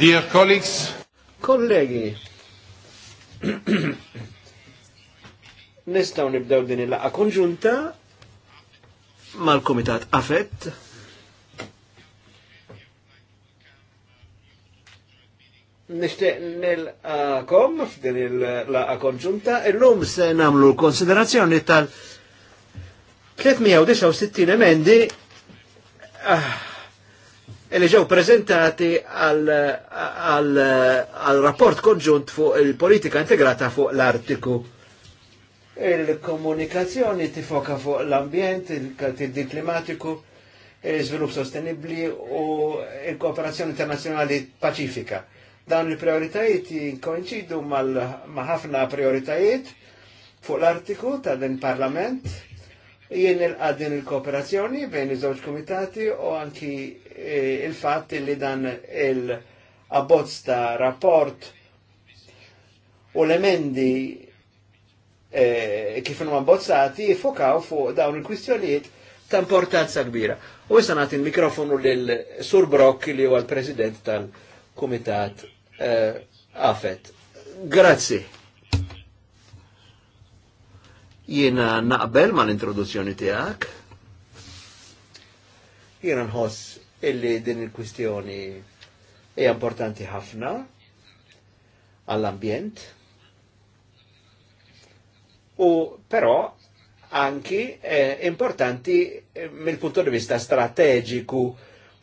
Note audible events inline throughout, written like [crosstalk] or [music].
Dear colleagues, kollegi, nistaw nibdew din il-laqa konġunta mal-Komitat AFET. Nishtiq nil-kom f'din il-laqa konġunta, il-lum se namlu l-konsiderazzjoni tal- 369 emendi Ah. Eli ġew prezentati għal rapport konġunt fuq il-politika integrata fuq l-Artiku. Il-komunikazzjoni tifoka fuq l-ambjent, il-tibdil klimatiku, il svilup sostenibli u il-kooperazzjoni internazjonali pacifika. Dan il-prioritajiet jinkoinċidu ma' ħafna prioritajiet fuq l-artiku ta' din parlament jien il-qadin il-kooperazzjoni bejn iż-żewġ komitati u anki e, il-fatt li dan il-abbozz ta' rapport u l-emendi e, kif huma bozzati jifokaw fuq dawn il-kwistjonijiet ta' importanza kbira. U issa nagħti il-mikrofonu lil Sur Brock li huwa l-President tal-Kumitat e, Afet. Grazzi. Jiena naqbel ma l-introduzzjoni tijak. Jiena nħoss illi din il-kwistjoni e importanti ħafna għall-ambjent. U però anki eh, importanti eh, mill-punto di vista strategiku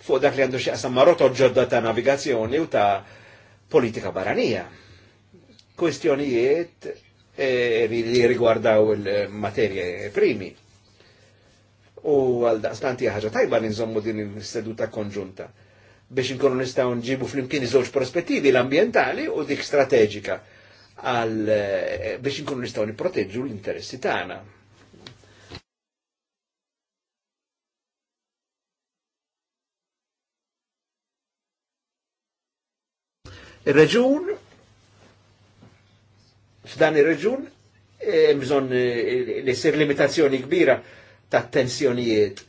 fuq dak li għandu xie għasam maroto ġodda ta' navigazzjoni u ta' politika baranija. Kwestjonijiet e, li rigwardaw il-materje primi. U għal daqstanti ħaġa tajba ninżommu din il-seduta konġunta biex nkunu nistaw nġibu fl-imkien iż-żewġ prospettivi l-ambientali u dik strateġika għal e, biex nkunu nistaw niproteġġu l-interessi tagħna. Il-reġun f'dan ir-reġun eh, bżonn eh, li sir limitazzjoni kbira ta' tensjonijiet.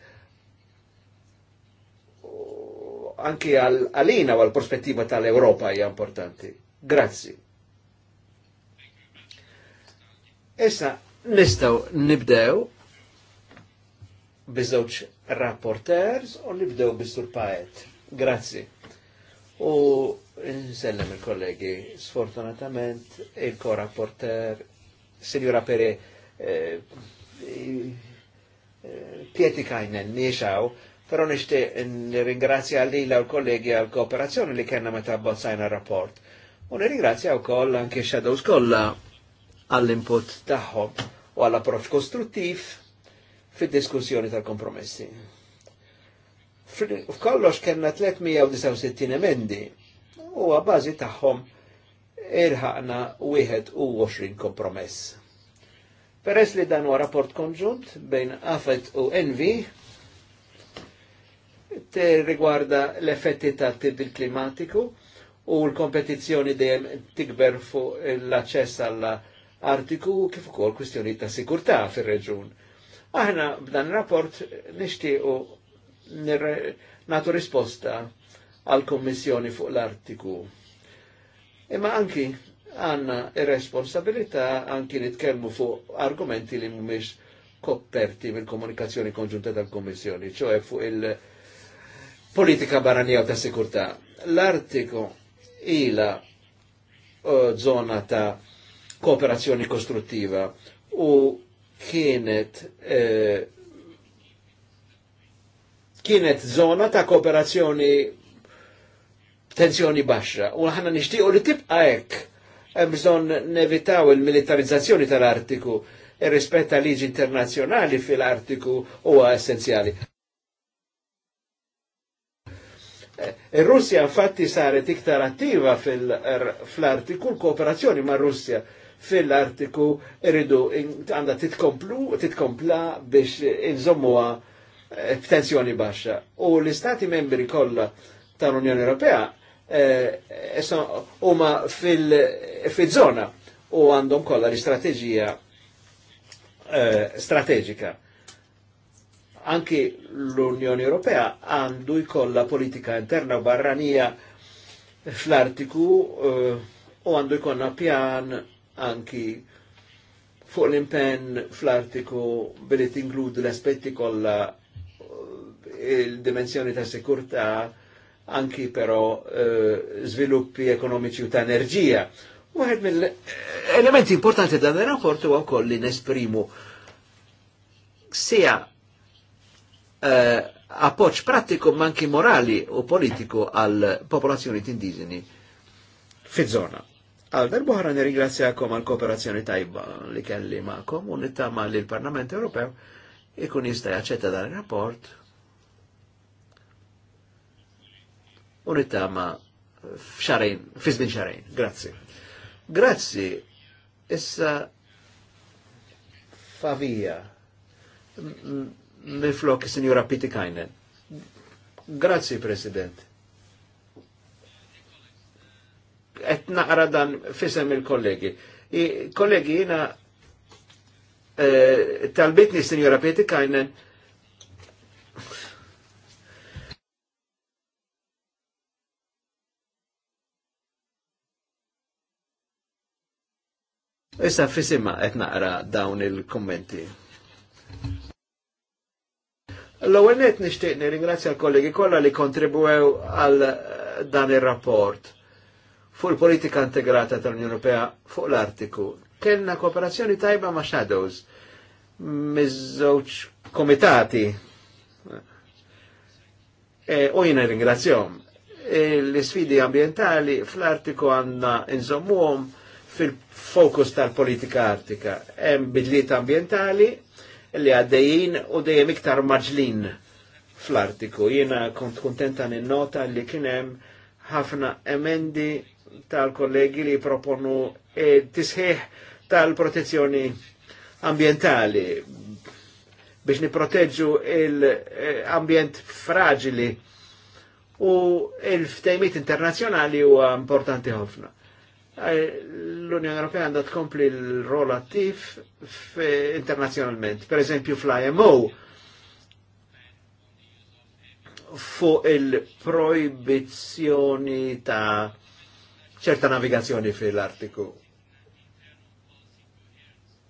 Anki għalina u għal-prospettiva tal-Europa hija importanti. Grazzi. Issa nistgħu nibdew biżewġ rapporters u nibdew bis-sur Grazzi. U Nsellem il-kollegi, sfortunatament il-korrapporter Signora Pere eh, eh pieti kajnen miexaw, pero nishti ringrazja li l kollegi għal kooperazzjoni li kena meta bozzajna rapport. U ringrazja u koll anke Shadows kolla għall-input taħħom u għall-approċ kostruttiv fid diskussjoni tal-kompromessi. F'kollox kena 369 emendi u għabazi tagħhom irħaqna 21 kompromess. Peress li dan huwa rapport konġunt bejn AFET u Envi, te rigwarda l-effetti ta' tibdil klimatiku u l-kompetizzjoni dejjem tikber fuq l-aċċess għall artiku kif ukoll kwistjoni ta' sikurtà fir-reġun. Aħna b'dan rapport nixtiequ nagħtu risposta għal-Kommissjoni fuq l-Artiku. Imma anki għanna responsabilità anki nitkellmu fuq argumenti li mhumiex kopperti mill-komunikazzjoni konġunta tal-Kommissjoni, ċoħe fuq il-politika barranija ta' sikurtà. L-Artiku ila uh, zona ta' kooperazzjoni kostruttiva u kienet eh, kienet zona ta' kooperazzjoni tensjoni baxxa. U ħana nixtiequ li tibqa' hekk Bżon bżonn nevitaw il-militarizzazzjoni tal-Artiku ir-rispett e liġi internazzjonali fil-Artiku huwa essenzjali. il eh, russja infatti saret iktar attiva er, fl-Artiku l-kooperazzjoni ma' Russja fil-Artiku irridu għandha titkomplu, titkompla biex inżommuha eh, tensjoni baxxa. U l-Istati membri kollha tal-Unjoni Ewropea Eh, huma fil-żona u għandhom kollha l-istrateġija eh, strateġika. Anki l-Unjoni Ewropea għandu jkollha politika interna u barranija fl-Artiku eh, u għandu jkollna pjan anki fuq l-impenn fl-artiku billi tinkludi l-aspetti kollha il-dimensjoni ta' sikurta' anki però eh, sviluppi ekonomiċi u ta' enerġija. għed mill-elementi importanti dan il-rapport u wkoll li nesprimu sija eh, appoċ pratiku manki morali u politiku għal popolazzjoni indiżeni fiż-żona. Għal darbohra nirringrazzjakom għal kooperazzjoni tajba li kelli ma'kom u nittama li l-Parlament Ewropew ikun jista' jaċċetta dan il rapport u nittama f'xarajn, f'izmin xarajn. Grazzi. Grazzi, issa favija miflok signora Pitikajnen. Grazzi, President. Et naqra dan fisem il-kollegi. kollegi, jina eh, talbitni signora Pitikajnen Issa fissima qed naqra dawn il-kommenti. L-ewwel net nixtieq nirringrazzja l-kollegi kollha li kontribwew għal eh, dan ir-rapport fuq il-politika integrata tal-Unjoni Ewropea fuq l-Artiku. Kellna kooperazzjoni tajba ma' Shadows miż-żewġ komitati. E, u jina ringrazzjom. E, l-sfidi ambientali fl-Artiku għandna inżommuhom fil-fokus tal-politika artika. Hemm bidliet ambientali li għaddejjin u dejjem iktar maġlin fl-artiku. Jiena kont kontenta nota li kien hemm ħafna emendi tal-kollegi li proponu e, tisħiħ tal-protezzjoni ambientali biex niproteġġu l-ambjent fragili u l-ftejmit internazjonali huwa importanti ħafna l-Unjoni Ewropea għandha tkompli l-rol attiv internazzjonalment. Per eżempju fl-IMO fuq il-proibizzjoni ta' ċerta navigazzjoni fil-artiku.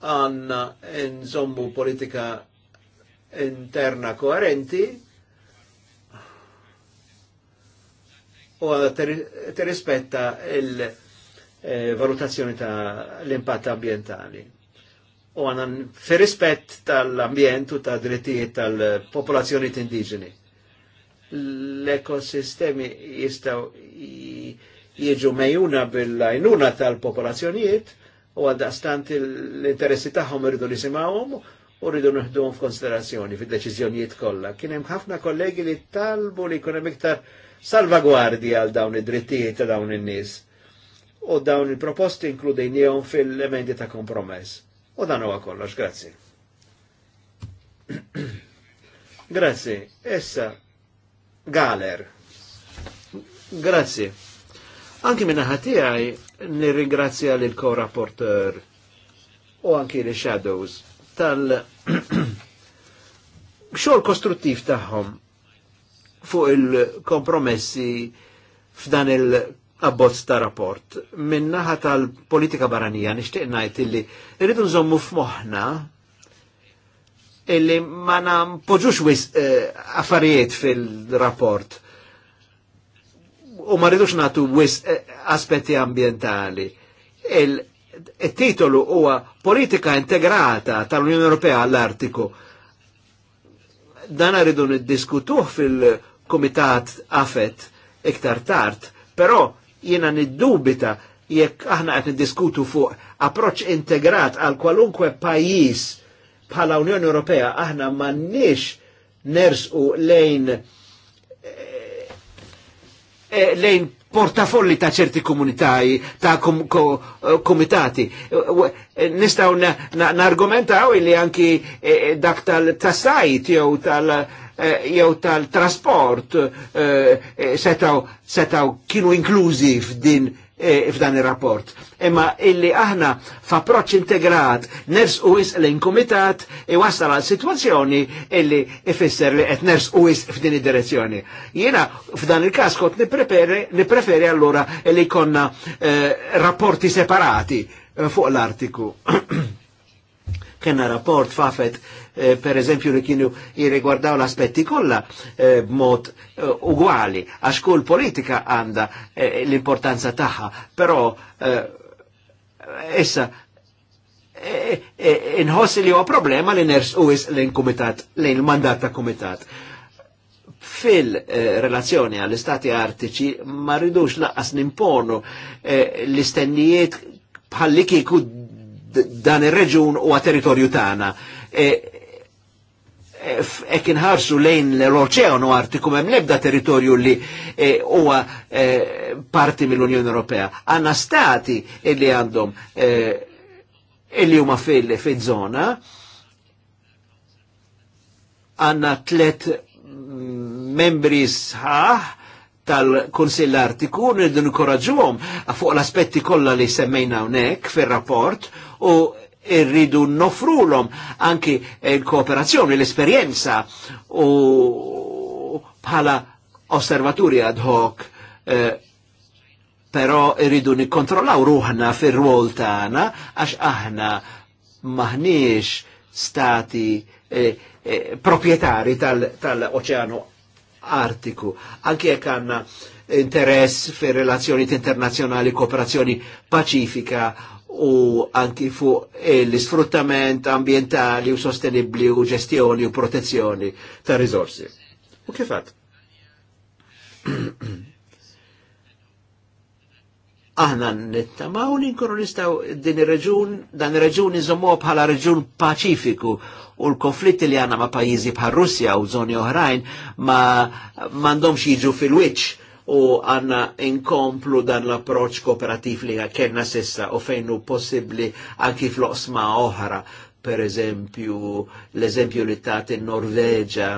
Għanna nżommu politika interna koerenti u għadha ter rispetta il- Eh, valutazzjoni ta' l-impatt ambientali. U għanan fi rispett tal ambient u ta' drittijiet tal-popolazzjoni indiġeni. L-ekosistemi jistaw jieġu mejuna bil lajnuna tal-popolazzjonijiet u għaddastant l-interessi tagħhom li nisimgħuhom u rridu nħduhom f'konsiderazzjoni fid-deċiżjonijiet kollha. Kien hemm ħafna kollegi li talbu li jkun hemm iktar salvagwardja għal dawn id-drittijiet ta' dawn in-nies u dawn il-proposti inkludejnijom fil-emendi ta' kompromess. U dan huwa kollox, grazzi. [clears throat] grazzi, essa Galer. Grazzi. Anki minna ħatijaj nirringrazzja l co-rapporteur u anki li shadows tal [clears throat] xogħol kostruttiv tagħhom fuq il-kompromessi f'dan il abbozz ta' rapport. Minnaħa tal-politika barranija nixtieq ngħid illi rridu nżommu f'moħħna illi ma nampoġux wis eh, affarijiet fil-rapport u ma rridux natu wis eh, aspetti ambientali. Il-titolu huwa politika integrata tal-Unjoni Ewropea għall-Artiku. Dan rridu niddiskutuh fil-Komitat AFET iktar tard, però jiena niddubita jekk aħna qed niddiskutu fuq approċċ integrat għal kwalunkwe pajjiż bħala Unjoni Ewropea aħna m'għandniex nersqu lejn eh, eh, lejn portafolli ta' ċerti komunitaj, ta' komitati. Eh, nistaw il li anki dak tal-sajt jew tal-, -tal Eh, jew tal-trasport eh, eh, setaw, setaw kienu inklużi f'din f'dan ir-rapport. Imma illi aħna f'approċċ integrat ners u is lejn kumitat wasal għal situazzjoni illi ifisser li qed ners u is f'din id-direzzjoni. Jiena f'dan il-każ kont nippreferi allura li konna rapporti separati fuq l-artiku. [clears throat] kena rapport fafet eh, per eżempju li kienu jirigwardaw l-aspetti kolla eh, b'mod eh, ugwali għax kull politika għanda eh, l-importanza taħħa, però eh, issa eh, eh, li huwa problema li ners u lejn kumitat lejn il-mandat ta' kumitat fil-relazzjoni eh, għall-istati artiċi ma rridux laqas nimponu eh, l-istennijiet bħalli kieku dan il reġun u għateritorju tagħna. Ek e, e inħarsu lejn l-oċeanu għarti kumem lebda territorju li e, huwa parti mill-Unjoni Ewropea. Għanna stati illi għandhom illi huma fil zona għanna tlet mm, membri sħaħ tal-Konsill Artiku nirdu nkoraġuhom fuq l-aspetti kollha li semmejna hawnhekk fir-rapport u irridu nofrulhom anki l-kooperazzjoni, l-esperjenza u bħala osservaturi ad hoc eh, Però rridu irridu nikkontrollaw ruħna fir-rwol tagħna għax aħna maħniex stati eh, eh, proprietari tal-oċeanu tal artiku. Anki jekk għandna interess fi relazzjonijiet internazzjonali, kooperazzjoni paċifika u anki fuq l-isfruttament ambientali u sostenibli u ġestjoni u protezzjoni ta' risorsi. U kifat? [clears throat] Aħna nittamaw l nkunu din il reġun dan il reġun bħala reġun paċifiku u l-konflitti li għanna ma' pajizi bħal Russja u zoni oħrajn ma mandom jiġu fil-wiċ u għanna inkomplu dan l-approċ kooperativ li għakenna sissa u fejnu possibli anki fl-osma oħra, per eżempju, l-eżempju li tat in-Norveġa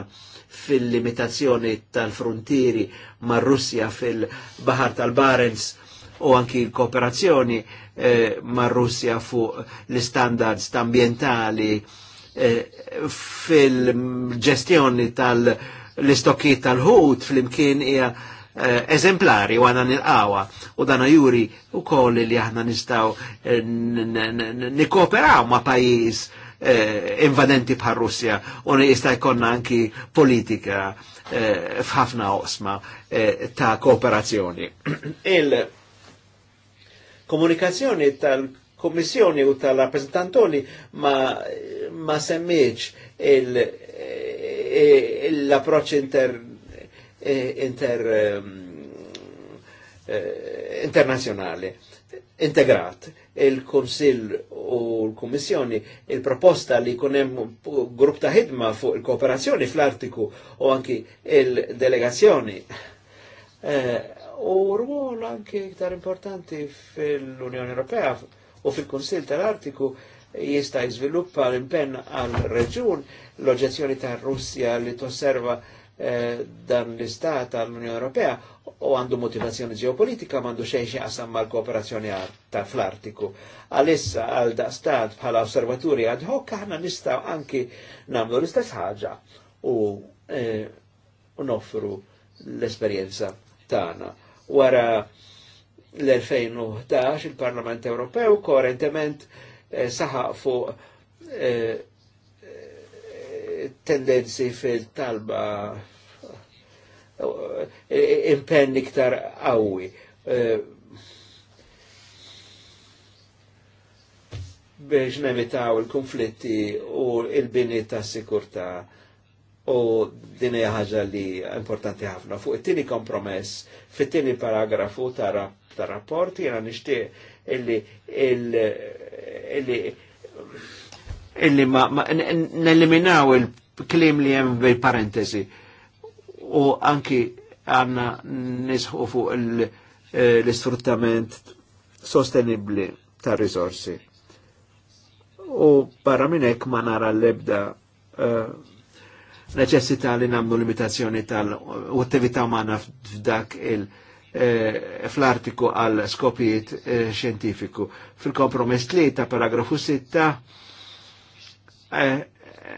fil-limitazzjoni tal-frontieri ma' russja fil-Bahar tal-Barents u anki kooperazzjoni eh, ma' russja fuq l-standards ambientali Eh, fil-ġestjoni tal-istokki tal-ħut fil imkien hija eh, eżemplari u għana nil għawa u dana juri u koll li aħna nistaw eh, nikooperaw ma pajis invadenti bħal Russja u jista' jkollna anki politika f'ħafna osma ta' kooperazzjoni. [clears throat] Il-komunikazzjoni tal- tal-kommissjoni u tal-rappresentantoli ma, ma semmiċ eh, l-approċ inter, eh, inter ehm, eh, internazjonali integrat il-Konsil u l-Kommissjoni il-proposta li kunem grupp ta' ħidma fuq il-kooperazzjoni fl-artiku u anki il-delegazzjoni U u rwol anki iktar importanti fil-Unjoni Ewropea u fil konsil tal-Artiku jista' jiżviluppa l-impenn għal reġun l-oġezzjoni ta' Russja li tosserva eh, dan l-istat tal-Unjoni Ewropea u għandu motivazzjoni ġeopolitika mandu xejn xi qasam mal-kooperazzjoni ta' fl-Artiku. Għalissa għal Stat bħala osservaturi ad hoc aħna nistgħu anki namlu l-istess ħaġa u eh, noffru l-esperjenza tagħna. Wara l-2011 il-Parlament Ewropew koerentement eh, saħaq fuq eh, eh, tendenzi fil-talba impenn iktar qawwi biex nevitaw il-konflitti u il-bini ta' sikurta' u din hija ħaġa li importanti ħafna. Fuq it-tieni kompromess, fit-tieni paragrafu ta', ta rapport jiena nixtieq illi illi illi, ma, neliminaw il-klim li hemm bil-parentesi u anki għanna nisħu fuq eh, l-istruttament sostenibli ta' risorsi. U barra minnek ma nara l-ebda uh, neċessita li namlu limitazzjoni tal-attività umana f'dak il- eh, fl-artiku għal skopijiet eh, xjentifiku. Fil-kompromess li ta' paragrafu 6 eh,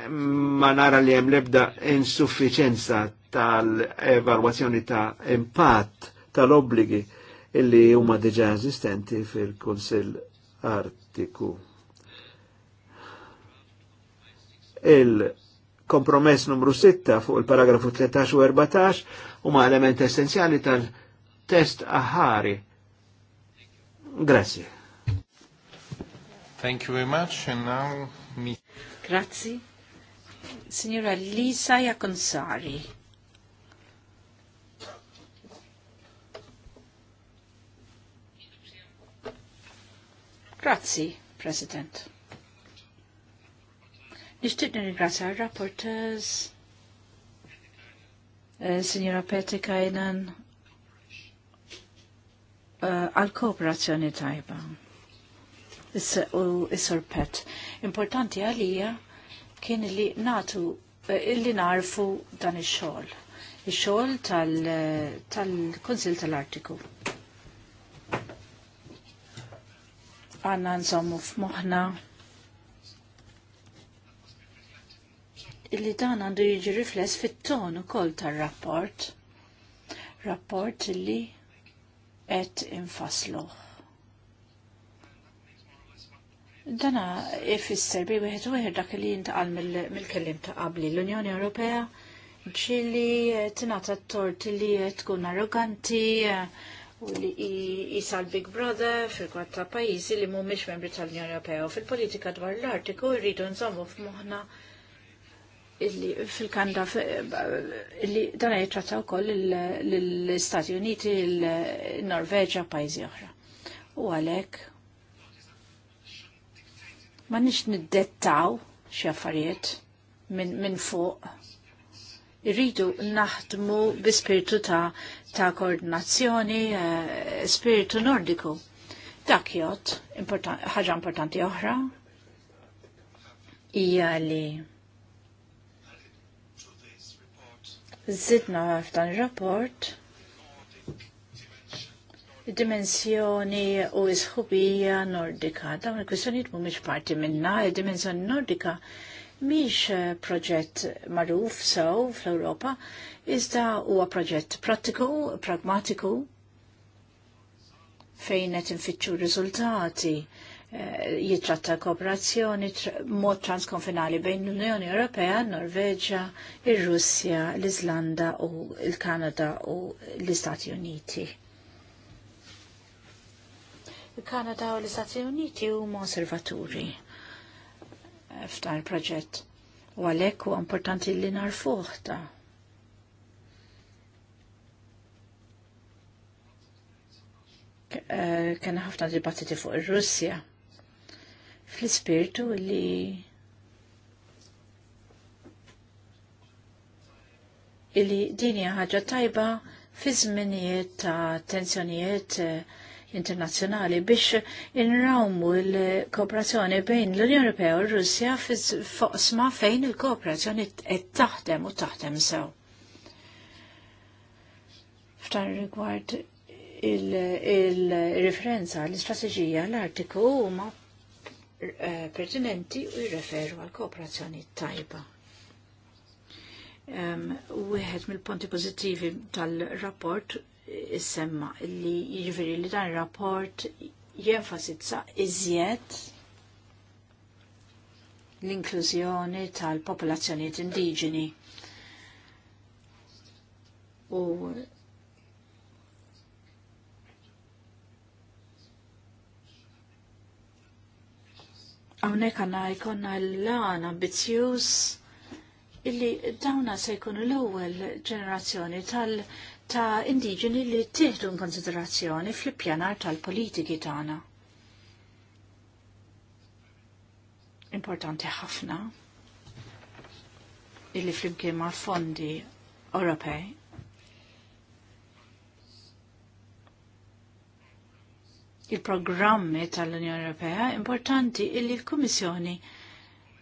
ma nara li hemm lebda insuffiċenza tal-evalwazzjoni ta' impatt tal-obbligi illi huma diġà eżistenti fil-Kunsill Artiku. Il- kompromess numru 6 fuq il-paragrafu 13 u 14 u ma' element essenzjali tal-test aħari. Grazie. Thank you very much and now me. Grazie. Signora Lisa Jakonsari. Grazie, President. Nishtiq nirringrazzja r-rapporters, eh, Signora Peti Kajnan, eh, għal-kooperazzjoni tajba. U is-sur Pet. Importanti għalija kien li natu, illi eh, narfu dan ix-xogħol il-xogħol tal-Konsil tal konsil tal artiku Għanna nżommu f'moħna illi dan għandu jiġi rifless fit-ton ukoll tar-rapport. Rapport illi qed infasluh. Dana ifisser bi wieħed wieħed dak li jintaqal mill-kellim ta' qabli l-Unjoni Ewropea ġili tinata t-tort li tkun arroganti u li jisal Big Brother fil-kwad ta' pajjiżi li mhumiex membri tal-Unjoni Ewropea u fil-politika dwar l-artiku jridu nżommu f'moħħna illi fil-Kanada illi dan jittrattaw koll l-Stati Uniti, l-Norveġa, pajzi oħra. U għalek, ma nix niddettaw xie affarijiet minn min fuq. Irridu naħdmu bi spiritu ta' ta' koordinazzjoni, uh, spiritu nordiku. Dak jot, ħaġa important, importanti oħra, hija li Zidna f'dan il-rapport dimensjoni u isħubija nordika. Dawn il-kwistjoniet mhumiex parti minna, il-dimensjoni nordika miex eh, proġett magħruf sew fl-Ewropa, iżda huwa proġett prattiku, pragmatiku, fejn qed infittxu riżultati Eh, jitratta kooperazzjoni mod transkonfinali bejn l-Unjoni Ewropea, Norveġa, ir-Russja, l-Iżlanda u l-Kanada u l-Istati Uniti. Il-Kanada u l-Istati Uniti huma konservaturi eh, f'dan il-proġett u għalhekk huwa importanti li narfuh ta' eh, kena ħafna dibattiti fuq ir-Russja fl-ispirtu li illi dinja ħaġa tajba fi żminijiet ta' tensjonijiet eh, internazzjonali biex inrawmu l-kooperazzjoni bejn l-Unjoni Ewropea u r-Russja foqsma fejn il-kooperazzjoni qed taħdem u taħdem sew. F'dan rigward il-referenza l-istrateġija l-artiku huma Eh, pertinenti u jirreferu għal kooperazzjoni tajba. Um, Wieħed mill-punti pożittivi tal-rapport eh, semma li jiġifieri li dan rapport jenfasizza iżjed l-inklużjoni tal-popolazzjonijiet indiġeni u Hawnhekk għandna jkollna l-lan ambizjus illi dawna se jkunu l-ewwel ġenerazzjoni tal- ta' indiġeni li tieħdu konsiderazzjoni fl-ippjanar tal-politiki tagħna. Importanti ħafna illi flimkien ma' fondi Ewropej il-programmi tal-Unjoni Ewropea, importanti illi l-Kummissjoni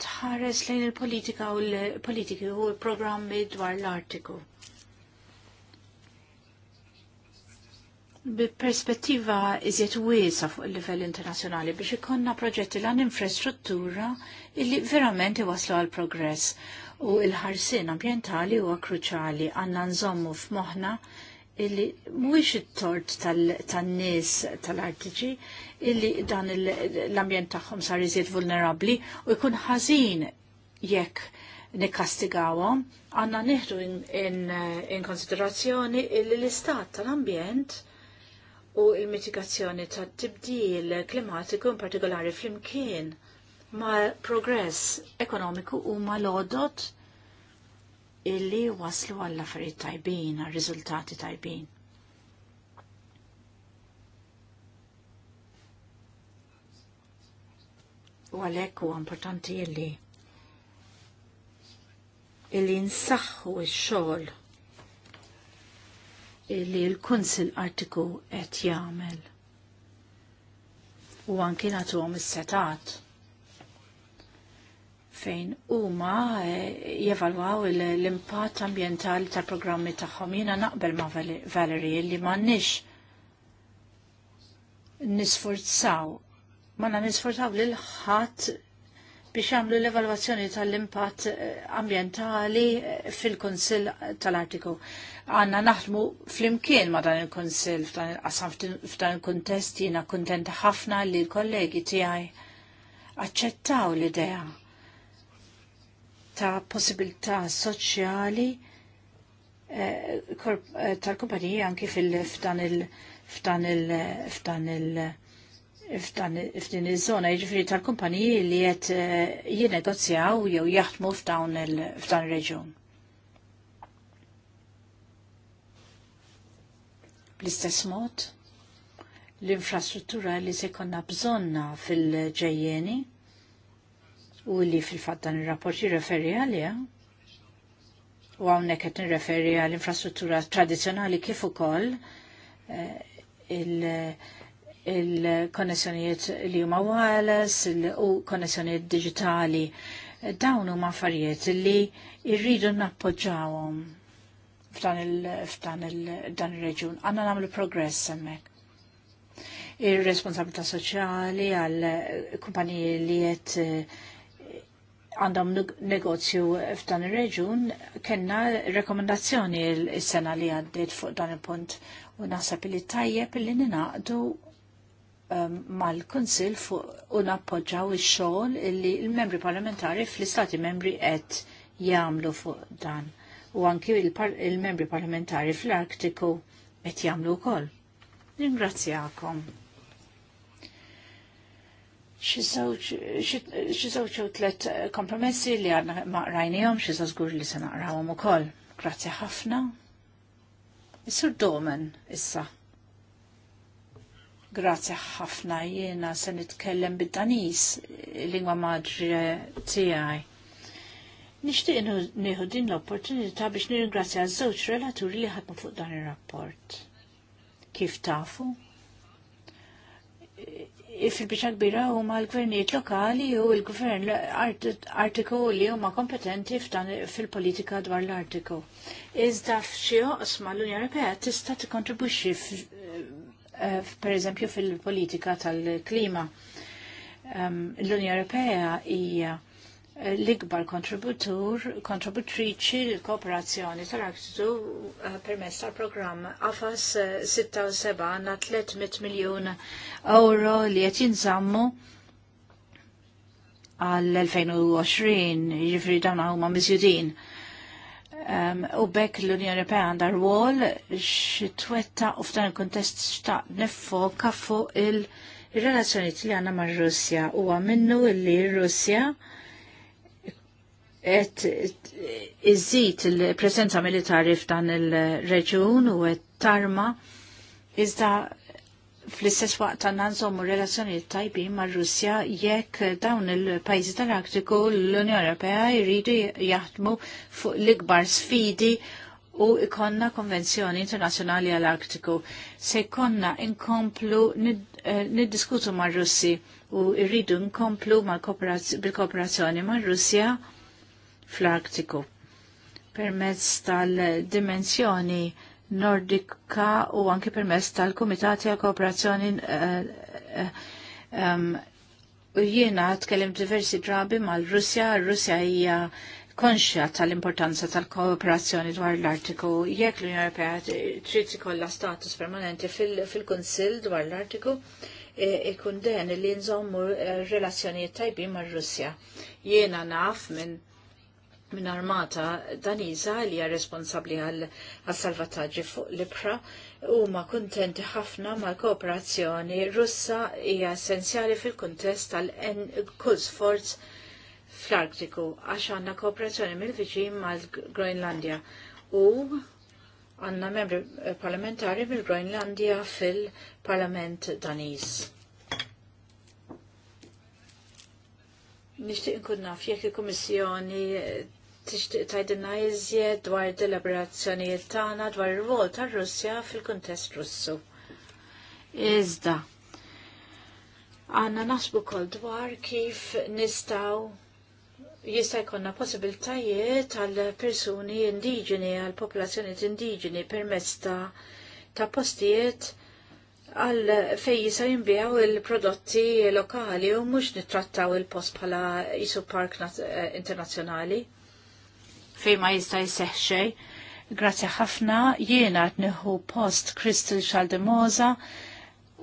tħares lejn il-politika u l-politiki u l-programmi dwar l-artiku. Bi-perspettiva iżjed wiesa fuq il-livell internazzjonali biex ikonna proġetti lan infrastruttura illi verament iwaslu għal progress u il-ħarsin ambientali huwa kruċali għandna nżommu f'moħħna illi mhuwiex it-tort tan-nies tal artiċi illi dan l-ambjent tagħhom sar iżjed vulnerabbli u jkun ħażin jekk nikkastigawhom għandna nieħdu in konsiderazzjoni illi l-istat tal-ambjent u l-mitigazzjoni tat-tibdil klimatiku in partikolari flimkien ma' progress ekonomiku huma l-odot illi waslu għall affarijiet tajbin, għal riżultati tajbin. U għalhekk huwa importanti illi illi nsaħħu x-xogħol illi l-Kunsil Artiku qed jagħmel u anki nagħtuhom is-setat fejn huma eh, jevalwaw l-impatt ambjentali tal-programmi tagħhom. Jiena naqbel ma' Valerie li m'għandniex nisforzaw, ma nisforzaw lil ħadd biex jagħmlu l-evalwazzjoni tal-impatt eh, ambjentali eh, fil-Kunsill tal-Artiku. Għanna naħdmu flimkien ma dan il-Kunsill f'dan f'dan il-kuntest jiena kuntenta ħafna li l-kollegi tiegħi aċċettaw l-idea ta' possibilità soċjali eh, eh, tal-kumpaniji anki fil-ftan il- f'dan il- f'dan il- f'din iż-żona jiġifieri tal-kumpaniji li qed eh, jinnegozjaw jew jaħdmu f'dawn f'dan ir-reġjun. Bl-istess mod, l-infrastruttura li se konna bżonna fil-ġejjeni u li fil-fat dan il-rapport jirreferi għalija. U għawnek qed nirreferi għall infrastruttura tradizjonali kif ukoll eh, il-konnessjonijiet il li huma wireless il u konnessjonijiet digitali dawn huma affarijiet li rridu nappoġġawhom f'dan il-dan il-reġun. Għanna nagħmlu progress hemmhekk ir responsabilità soċjali għal kumpaniji li qed eh, għandhom negozju f'dan ir-reġun, kellna rekomendazzjoni s-sena li għaddiet fuq dan il-punt u naħseb li tajjeb li ninaqdu um, mal konsil fuq u nappoġġaw ix-xogħol li l-membri parlamentari fl-istati membri qed jagħmlu fuq dan u anki il-membri parlamentari fl-Artiku qed jagħmlu wkoll. Ringrazzjakom xi żewġ u tliet kompromessi li għadna ma rajnihom xi żgur li se naqrawhom ukoll. Grazzi ħafna. Isur Domen issa. Grazzi ħafna jiena se nitkellem bid-Danis lingwa maġri tiegħi. Nixtieq nieħu din l-opportunità biex nirringrazzja żewġ relaturi li ħadmu fuq dan ir-rapport. Kif tafu? fil-bicċa kbira huma l-gvernijiet lokali u l-gvern artiku li huma kompetenti fil-politika dwar l-artiku. Iżda f'xi oqsma l unja Europea tista' tikkontribwixxi eh, per eżempju fil-politika tal-klima. Ehm, l unja Europea hija l-ikbar kontributur, kontributriċi l-kooperazzjoni tal-aktu eh, permess tal-programm għafas 76 għanna 300 miljon euro li għet jinżammu għal-2020, ġifri dawna huma mizjudin. u bekk l-Unjoni Ewropea għandha rwol xitwetta u f'dan il-kontest xtaq nifoka fuq il-relazzjoni li għandna mar-Russja huwa minnu li r-Russja et iżid il-presenza militari f'dan il-reġun u et tarma iżda fl-istess waqt għanna nżommu relazzjonijiet tajbin ma' Russja jekk dawn il-pajjiżi tal artiku l-Unjoni Ewropea jridu jaħdmu fuq l-ikbar sfidi u ikonna konvenzjoni internazzjonali għal-Arktiku. Se jkonna inkomplu eh, niddiskutu ma' Russi u jridu nkomplu bil-kooperazzjoni ma' Russja fl-Artiku permezz tal-dimensjoni nordika u anke permezz tal-Kumitati għal Kooperazzjoni eh, eh, u jiena tkellem diversi drabi mal-Russja, Russja hija konxja tal-importanza tal-kooperazzjoni dwar l-artiku, jekk l-Unjoni Ewropea trid ikollha status permanenti fil-Kunsill dwar l-artiku, e- ikun den li nżommu eh, relazzjonijiet tajbin mar-Russja. Jiena naf minn minn armata daniza li hija responsabbli għal salvataġġi fuq l-ibħra huma kuntenti ħafna mal kooperazzjoni Russa hija essenzjali fil-kuntest tal-kull sforz fl-Arktiku għax għandna kooperazzjoni mill-viċin mal-Groenlandja u għandna membri parlamentari mill-Groenlandja fil-Parlament Daniż. Nishtiq nkun naf jekk il-Kummissjoni tixtieq tgħidilna iżjed dwar deliberazzjonijiet tagħna dwar ir-rwol tar-Russja fil-kuntest Russu. Iżda. Għanna naħsbu kol dwar kif nistaw jista' jkollna possibiltajiet għal persuni indiġeni, għal popolazzjonijiet indiġeni permezz ta' ta' postijiet għal fej jisa jimbijaw il-prodotti lokali u mhux nittrattaw il-post bħala jisu park eh, Internazzjonali fej ma jista' jseħ xej, Grazzi ħafna jiena qed post Kristel Xaldemoza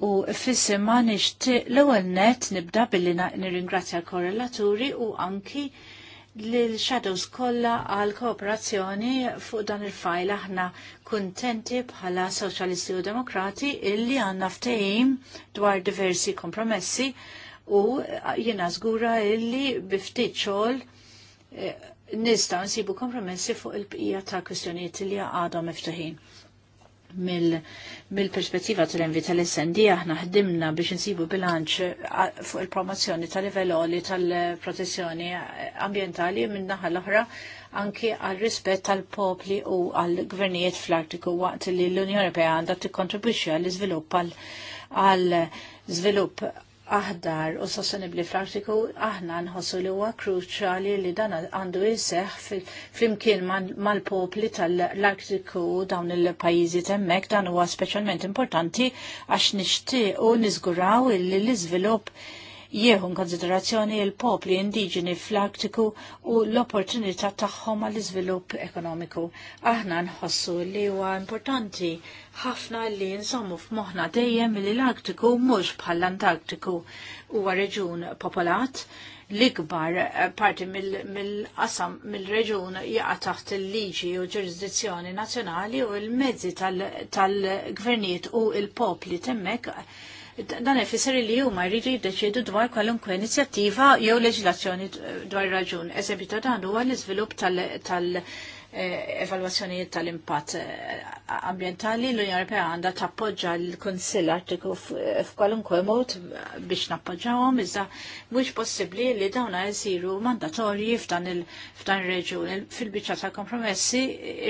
u fissima nixtieq l-ewwel net nibda billi nirringrazzja l-korrelaturi u anki l-Shadows kollha għal kooperazzjoni fuq dan il-fajl aħna kuntenti bħala Soċjalisti u Demokrati illi għandna ftehim dwar diversi kompromessi u jiena żgura illi biftit xogħol eh, nista' nsibu kompromessi fuq il-bqija ta' kwistjonijiet li għadhom miftuħin. Mill-perspettiva mil tal-envi tal-SND aħna ħdimna biex nsibu bilanċ fuq il-promozzjoni tal-livelloli tal-protezzjoni ambientali minn naħa l-oħra anki għal rispett tal-popli u għal gvernijiet fl-Artiku waqt li l-Unjoni Ewropea għandha tikkontribwixxi għall-iżvilupp għal żvilupp aħdar u sostenibli fl-artiku, aħna nħossu li huwa kruċali li dan għandu jseħ flimkien mal-popli tal-artiku dawn il-pajizi temmek, dan huwa speċjalment importanti għax nixtieq u niżguraw li l-iżvilupp jieħu konsiderazzjoni il-popli indiġeni fl-Artiku u l-opportunità tagħhom għall iżvilupp ekonomiku. Aħna nħossu li huwa importanti ħafna li nżommu f'moħħna dejjem li l-Artiku mhux l antartiku huwa reġun popolat l-ikbar parti mill-qasam mill-reġun jaqa' taħt il-liġi u ġurisdizzjoni nazzjonali u l-mezzi tal-gvernijiet u l-popli temmek dan ifisser li huma jridu jiddeċiedu dwar kwalunkwe inizjattiva jew leġilazzjoni dwar raġun. Eżempju ta' dan huwa l-iżvilupp tal-, tal Eh, evalwazzjonijiet tal-impatt eh, ambientali l-Unjoni Ewropea għandha tappoġġa l-Kunsill Artiku f'kwalunkwe mod biex nappoġġawhom iżda mhux possibbli li dawn jsiru mandatorji f'dan ir-reġjun. Fil-biċċa tal-kompromessi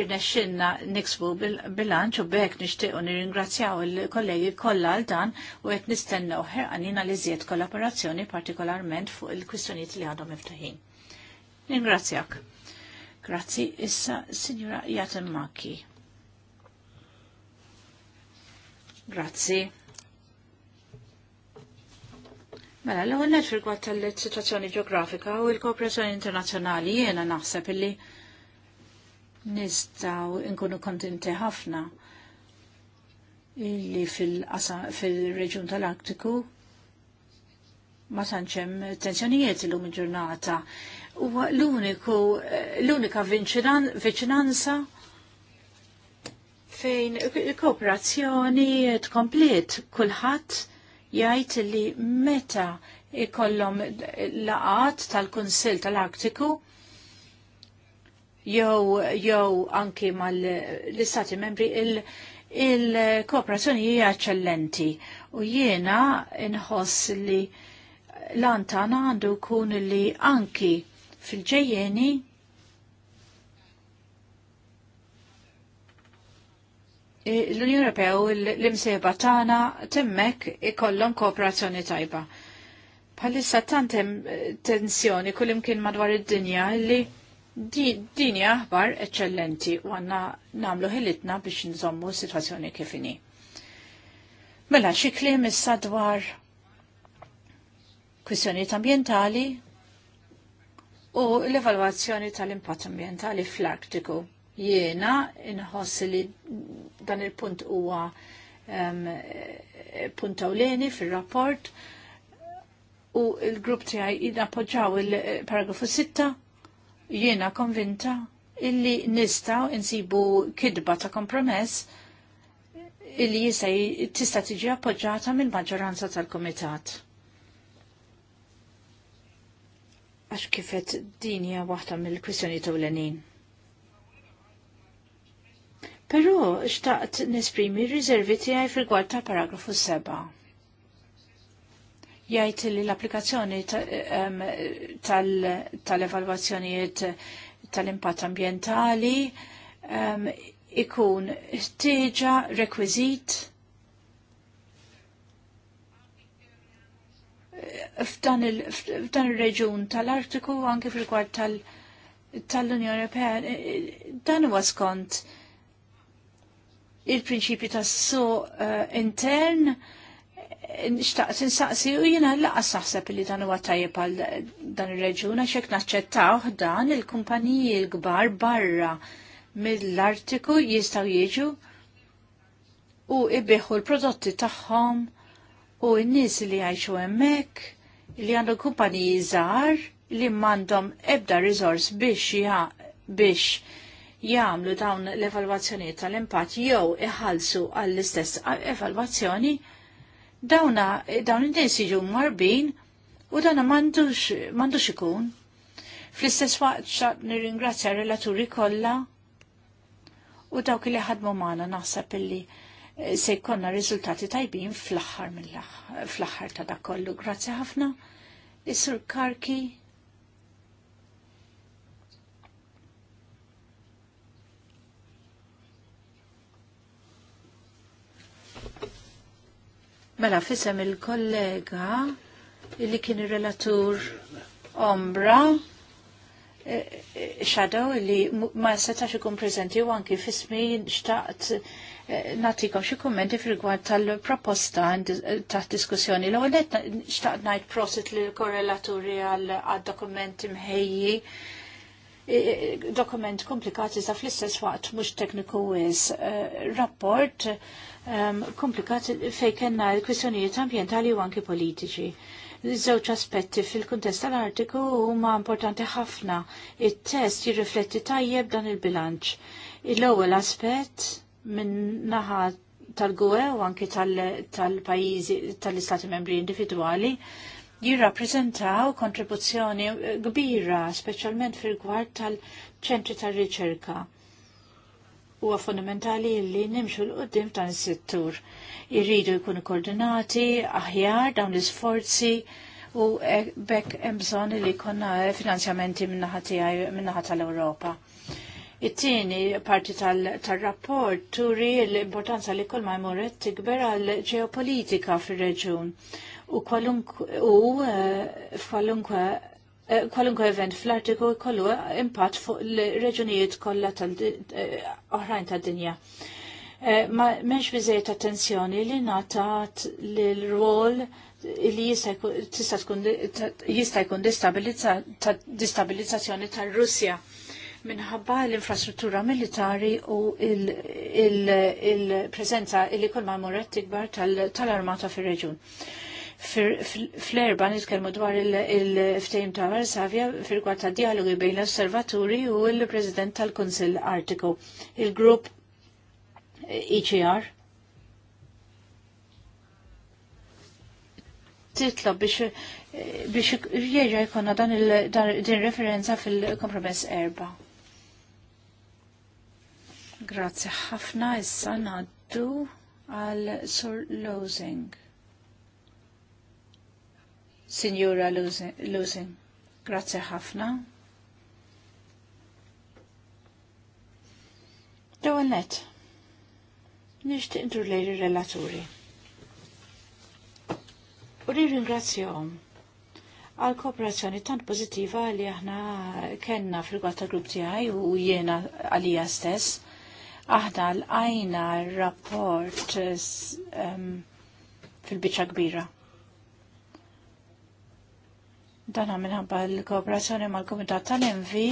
irnexxinna niksbu bilanċ u bekk nixtiequ nirringrazzjaw il-kollegi kollha għal dan u qed nistennew ħerqanina li żied kollaborazzjoni partikolarment fuq il-kwistjonijiet li għadhom miftaħin. Ningrazzjak. Grazzi, issa signora Jatemmaki. Grazzi. Mela, l ewwel net għal tal-situazzjoni ġeografika u l-kooperazzjoni internazzjonali jiena naħseb illi nistaw nkunu kontinti ħafna illi fil-reġjun fil reġjun tal aktiku ma tantx hemm tensjonijiet illum il-ġurnata huwa l-uniku eh, l-unika viċinanza fejn il kooperazzjoni tkomplet kulħadd jgħid li meta ikollom laqat tal-Kunsill tal aktiku jew jew anki mal-istati membri il- kooperazzjoni hija eċċellenti u jiena inħoss li l-antana għandu kun li anki fil-ġejjeni e, l-Unjoni Ewropea u l-imsejba tagħna temmek ikollhom kooperazzjoni tajba. Bħalissa tant hemm e, tensjoni kull imkien madwar id-dinja li din hija aħbar eċċellenti u għandna nagħmlu ħilitna biex nżommu s-sitwazzjoni kif inhi. Mela xi kliem issa dwar kwistjonijiet ambjentali u l-evalwazzjoni tal-impatt ambientali fl-Artiku. Jiena inħoss li dan il-punt huwa um, punt awleni fil-rapport u il-grupp tiegħi jinapoġġaw il-paragrafu 6 jiena konvinta illi nistgħu insibu kidba ta' kompromess illi jista' tista' tiġi appoġġata mill-maġġoranza tal-Kumitat għax kifet din hija waħda mill-kwissjoni tewlenin. Però xtaqt nesprimi riservi tiegħi fil-gwad ta' paragrafu 7. Jgħid li l-applikazzjoni tal-evalwazzjonijiet tal-impatt ambjentali um, ikun tieġa rekwiżit f'dan il-reġun tal-Artiku anke fil-kwart tal-Unjoni Ewropea, eh, eh, dan huwa skont il-prinċipju tas-su eh, intern nixtaqt insaqsi u jina laqas saħseb li dan huwa tajjeb għal dan ir-reġun għax hekk naċċettaw dan il-kumpaniji l-kbar barra mill-Artiku jistgħu jiġu u jbieħu l-prodotti tagħhom u n-nis li għajxu emmek li għandu kumpani żgħar li mandom ebda rizors biex biex jagħmlu dawn l-evalwazzjoni tal-impatt jew iħallsu għall-istess evalwazzjoni, dawna dawn id-nies jiġu marbin u dawna m'għandux ikun. Fl-istess waqt nir nirringrazzja relaturi kollha u dawk li ħadmu magħna naħseb illi se jkollna riżultati tajbin fl-aħħar fl-aħħar ta' dak kollu. Grazzi ħafna. Is-Sur Karki. Mela fisem il-kollega li kien ir-relatur Ombra eh, eh, shadow li ma setax ikun prezenti u anki fismi xtaqt Eh, natikom xie kommenti fil-gwad tal-proposta eh, taħt diskussjoni. L-għu net xtaqt najt prosit li korrelaturi għal-dokument imħejji. Eh, dokument komplikati sa fl-istess waqt mux tekniku wis. Rapport ehm, komplikati fej kena kwistjonijiet ambientali u anki politiċi. Żewġ aspetti fil-kuntest tal-artiku huma importanti ħafna. It-test jirrifletti tajjeb dan il-bilanċ. Il-ewwel aspett minn naħa tal-gwe u e anki tal-pajizi tal pajizi tal istati membri individuali jirrappreżentaw kontribuzzjoni eh, kbira, speċjalment fil-gwar tal-ċentri tal-riċerka. Huwa fundamentali li nimxu l-qoddim dan is-settur. Irridu jkunu koordinati, aħjar dawn l-isforzi u bekk hemm bżonn li jkollna eh, finanzjamenti min-naħa tiegħi min-naħa tal-Ewropa It-tieni parti tal-rapport tal turi l-importanza li kull ma jmorret tikber għal ġeopolitika fir-reġjun u eh, kwalunkwe eh, kwalunkwe event fl-artiku kollu impatt fuq l-reġunijiet kollha eh, oħrajn tad-dinja. Ma menx biżejjed attenzjoni li natat l-rwol li jista' jkun distabilizzazzjoni tar-Russja minħabba l-infrastruttura militari u il-prezenza il, il, il, il morret tikbar tal-armata tal armata fir fil fl-erba nitkellmu dwar il-ftejm ta' Varsavja fil-kwad ta' dialogi bejn l-osservaturi u l-President tal-Kunsill Artiku. Il-grupp ICR. E titlob biex biex jieġa jkonna dan din referenza fil-kompromess erba' Grazzi ħafna issa naddu għal Sur Losing. Signora Losing, grazzi ħafna. Dawannet, nishtiq ndur lejri relaturi. U li ringrazzjom għal kooperazzjoni tant pozittiva li aħna kenna fil-gwatta grupp tiegħi u jiena għalija stess Aħna l ajna rapport um, fil-bicċa kbira. Dan minħabba l-kooperazzjoni mal-Komitat tal-Envi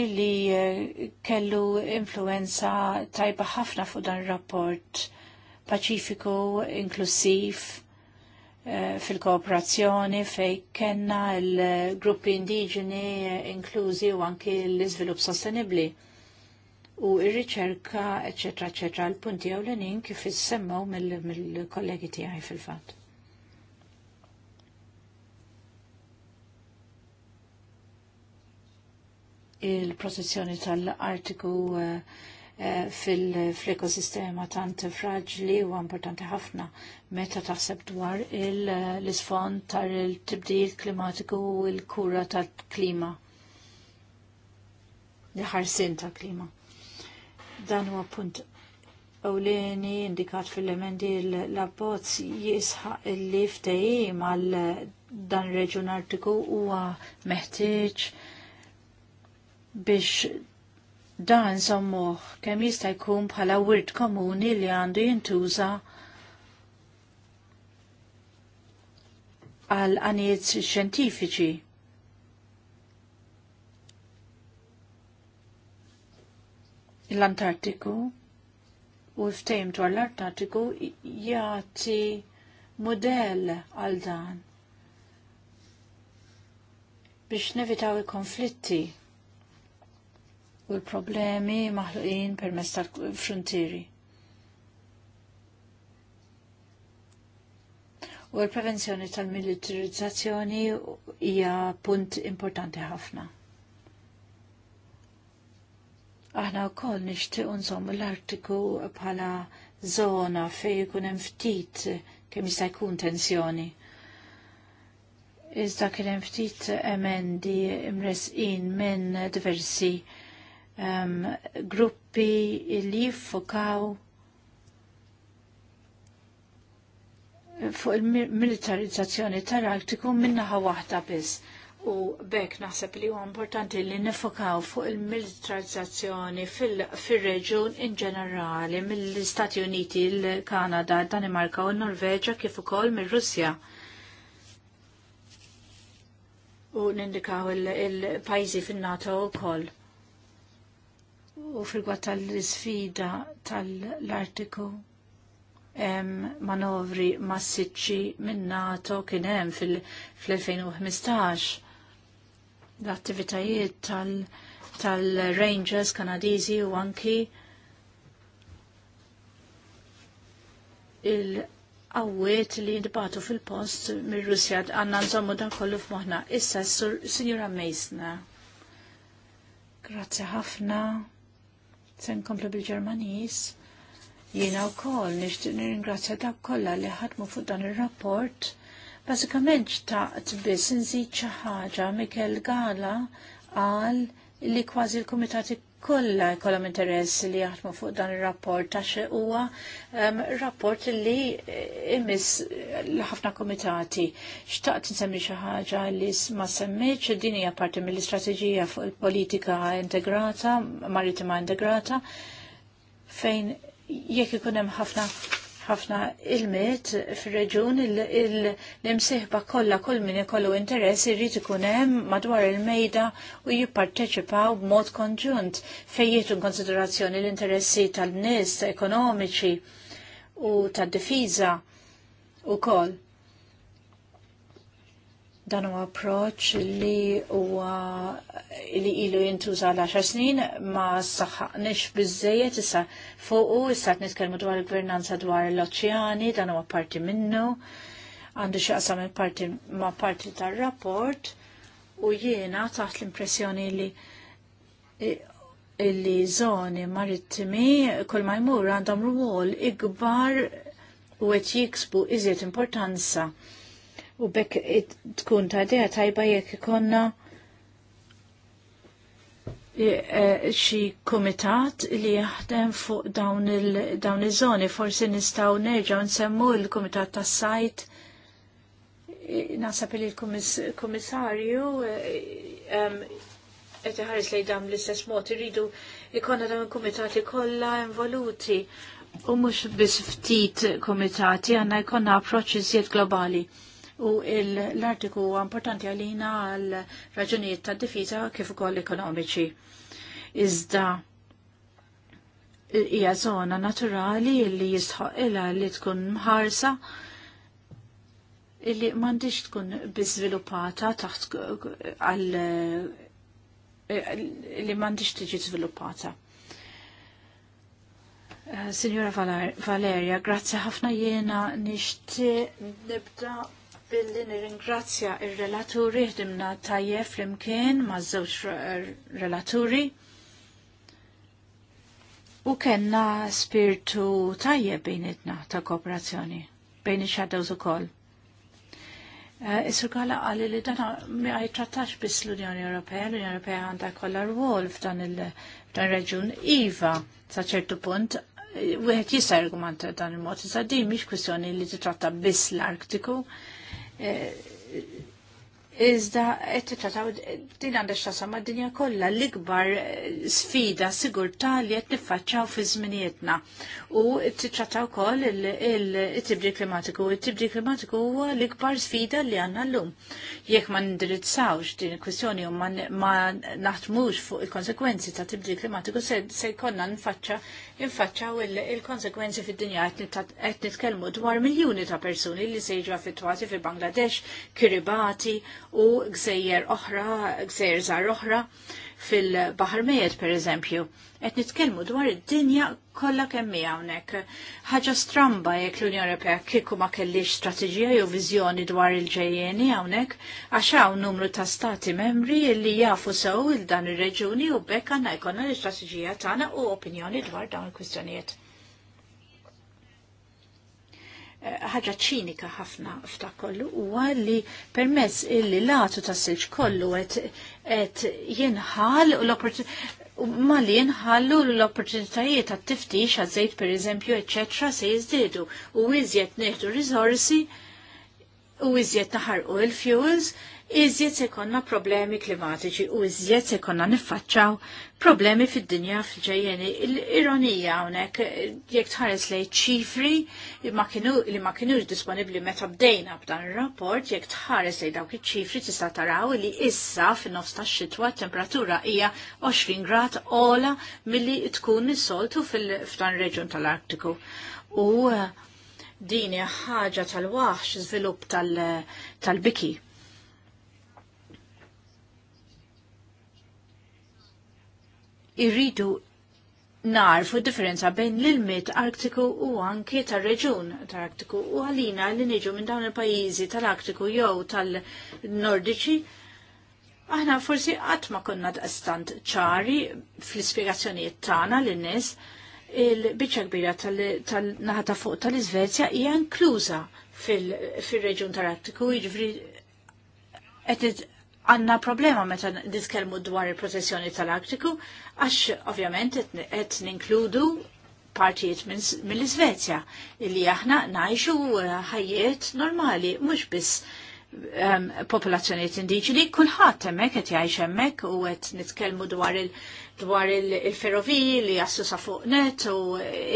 illi eh, kellu influenza tajba ħafna fuq dan rapport paċifiku, inklusiv, Eh, fil-kooperazzjoni fej kena l-gruppi indiġeni eh, inklużi u anki l-izvilup sostenibli u il riċerka eccetera, eccetera, l-punti l-nin kif semmaw mill-kollegi mil tiegħi fil-fatt. il-protezzjoni tal-artiku uh, Eh, fil-ekosistema tant fraġli u importanti ħafna meta taħseb dwar l-isfond tar il-tibdil klimatiku u l-kura tal-klima. il ħarsin tal-klima. Dan huwa punt ewleni indikat fil-emendi l-abbozz jisħaq il li tejjim għal dan reġun artiku huwa meħtieġ biex dan sommu kemm jista' jkun bħala wirt komuni li għandu jintuża għal għaniet xjentifiċi. L-Antartiku u ftejm dwar l-Antartiku jagħti modell għal dan biex nevitaw il-konflitti u l-problemi maħluqin permezz tal-frontieri. U l-prevenzjoni tal-militarizzazzjoni hija punt importanti ħafna. Aħna wkoll nixtiequ unżom l-Artiku bħala żona fejn ikun hemm ftit kemm jista' jkun tensjoni. Iżda kien hemm ftit emendi mresqin minn diversi um, gruppi li jiffokaw fuq il-militarizzazzjoni tal-Artiku minnaħa waħda biss. U bekk naħseb li huwa importanti li nifokaw fuq il-militarizzazzjoni fil-reġun in ġenerali mill-Istati Uniti, il-Kanada, Danimarka u Norveġa kif ukoll mir-Russja. U nindikaw il-pajjiżi fin-NATO wkoll u firgwa tal-sfida tal-artiku manovri massiċi minn NATO kien hemm fil-2015 l-attivitajiet tal-Rangers kanadizi Kanadiżi u anki il-għawiet li jindibatu fil-post mir-Russja għanna nżommu dan kollu f'moħna. Issa, Signora Meisna. Grazie ħafna sen komplu bil-Ġermanis, jiena u koll nishtiq nirringrazzja dak kollha li ħadmu fuq dan ir-rapport. Bażikament t biss nżid xi ħaġa Mikel Gala għal li kważi l-kumitati kollha jkollhom interess li jaħdmu fuq dan ir-rapport ta' huwa um, rapport li eh, imis l-ħafna komitati. Xtaqt nsemmi xi ħaġa li ma semmiċ din hija parti mill-istrateġija fuq il-politika integrata, maritima integrata, fejn jekk ikun hemm ħafna ħafna il-mit fil-reġun l-imsiħba kolla kull min ikollu interess irrid ikun hemm madwar il-mejda u jipparteċipaw b'mod konġunt fejn jieħdu konsiderazzjoni l-interessi tal-nies ekonomiċi u tad-difiża ukoll dan huwa approċ li huwa li ilu jintuża l-10 snin ma saħħaqniex biżejjed issa fuqu issa qed nitkellmu dwar il-gvernanza dwar l-oċjani dan huwa parti minnu għandu xi qasam parti ma parti tar-rapport u jiena taħt l-impressjoni li illi żoni marittimi kull ma jmur għandhom rwol ikbar u qed jiksbu iżjed importanza u bekk tkun ta' idea tajba jekk ikonna e, xi kumitat li jaħdem fuq dawn il-żoni, forsi nistgħu nerġgħu nsemmu l-kumitat tas-sajt nasab li l-komissarju e, e, qed iħares lejn dam l-istess mod iridu ikonna dawn il-kumitati kollha involuti u mhux biss ftit kumitati għandna jkollna approċċ iżjed globali u l-artiku huwa importanti għalina għal raġunijiet ta' difiża kif ukoll ekonomiċi. Iżda hija zona naturali li jistħoq ilha li tkun mħarsa illi mandiġ tkun bizviluppata taħt għal li mandiġ tiġi zviluppata. Eh, Signora Valeria, grazzi ħafna jena nishti nibda billi nirringrazzja il-relaturi ħdimna tajjeb flimkien ma' żewġ relaturi. U kenna spiritu tajjeb bejnietna ta' kooperazzjoni bejn ix-shadows ukoll. Eh, Isur għala għalli li dan ma trattax biss l-Unjoni Ewropea, l-Unjoni Ewropea għandha kollha rwol f'dan il-reġun iva sa ċertu punt eh, wieħed jista' argumenta dan il-mod iżda din mhix kwistjoni li titratta biss l-Artiku Eh, iżda qed titrataw din għandha xasam mad-dinja kollha l-ikbar eh, sfida sigurtà li qed niffaċċaw fi zminietna. U titrataw ukoll il tibdil klimatiku. it tibri klimatiku huwa l-ikbar sfida li għandna llum. Jekk ma ndirizzawx din il-kwistjoni u ma naħdmux fuq il-konsekwenzi ta' tibri klimatiku se jkollna nifacċa infaċċaw il-konsekwenzi fid-dinja qed nitkellmu dwar miljuni ta' persuni li se jiġu affettwati fi Bangladesh, Kiribati u gżejjer oħra, gżejjer żgħar oħra fil-Bahar Mejed per eżempju. Et nitkelmu dwar id-dinja kollha kemm hija hawnhekk. Ħaġa stramba jekk l-Unjoni Ewropea kieku ma kellix strateġija jew viżjoni dwar il-ġejjeni hawnhekk għax hawn numru ta' stati membri li jafu sew il dan ir-reġuni u bekk għandna jkollna l-istrateġija tagħna u opinjoni dwar dawn il-kwistjonijiet eh, ħaġa ċinika ħafna f'dak kollu huwa li permezz illi latu tas silġ kollu qed et jinħal u ma li jinħallu l-opportunitajiet għat tiftix għazzejt per eżempju, eccetera, se jizdidu u iżjed neħdu risorsi u iżjed naħarqu il-fuels iżjed se jkollna problemi klimatiċi u iżjed se jkollna niffaċċaw problemi fid-dinja fil-ġejjeni. L-ironija hawnhekk jekk tħares lejn ċifri li ma kinux disponibbli meta bdejna b'dan ir-rapport, jekk tħares lejn dawk iċ-ċifri tista' taraw li issa fin-nofs tax-xitwa temperatura hija 20 grad ola milli tkun is-soltu f'dan ir-reġjun tal-Artiku. U eh, dini ħaġa tal-waħx żvilupp tal-biki. irridu narfu differenza bejn l ilmet Arktiku u anki tar-reġun tal-Arktiku u għalina li niġu minn dawn il-pajjiżi tal-Arktiku jew tal-Nordiċi aħna forsi qatt ma konna daqstant ċari fl-ispjegazzjonijiet tagħna lin nies il-biċċa kbira tal-naħa ta' fuq tal-Iżvezja hija inkluża fil-reġun tal-Arktiku, jiġifieri għanna problema meta diskelmu dwar il-protezzjoni tal-Arktiku, għax ovvjament qed ninkludu partijiet mill-Svezja, illi aħna najxu ħajiet normali, mhux biss um, popolazzjoniet indiġeni, kullħat hemmhekk qed jgħix hemmhekk u qed nitkellmu dwar il- dwar il ferrovi il li jassu sa fuq net u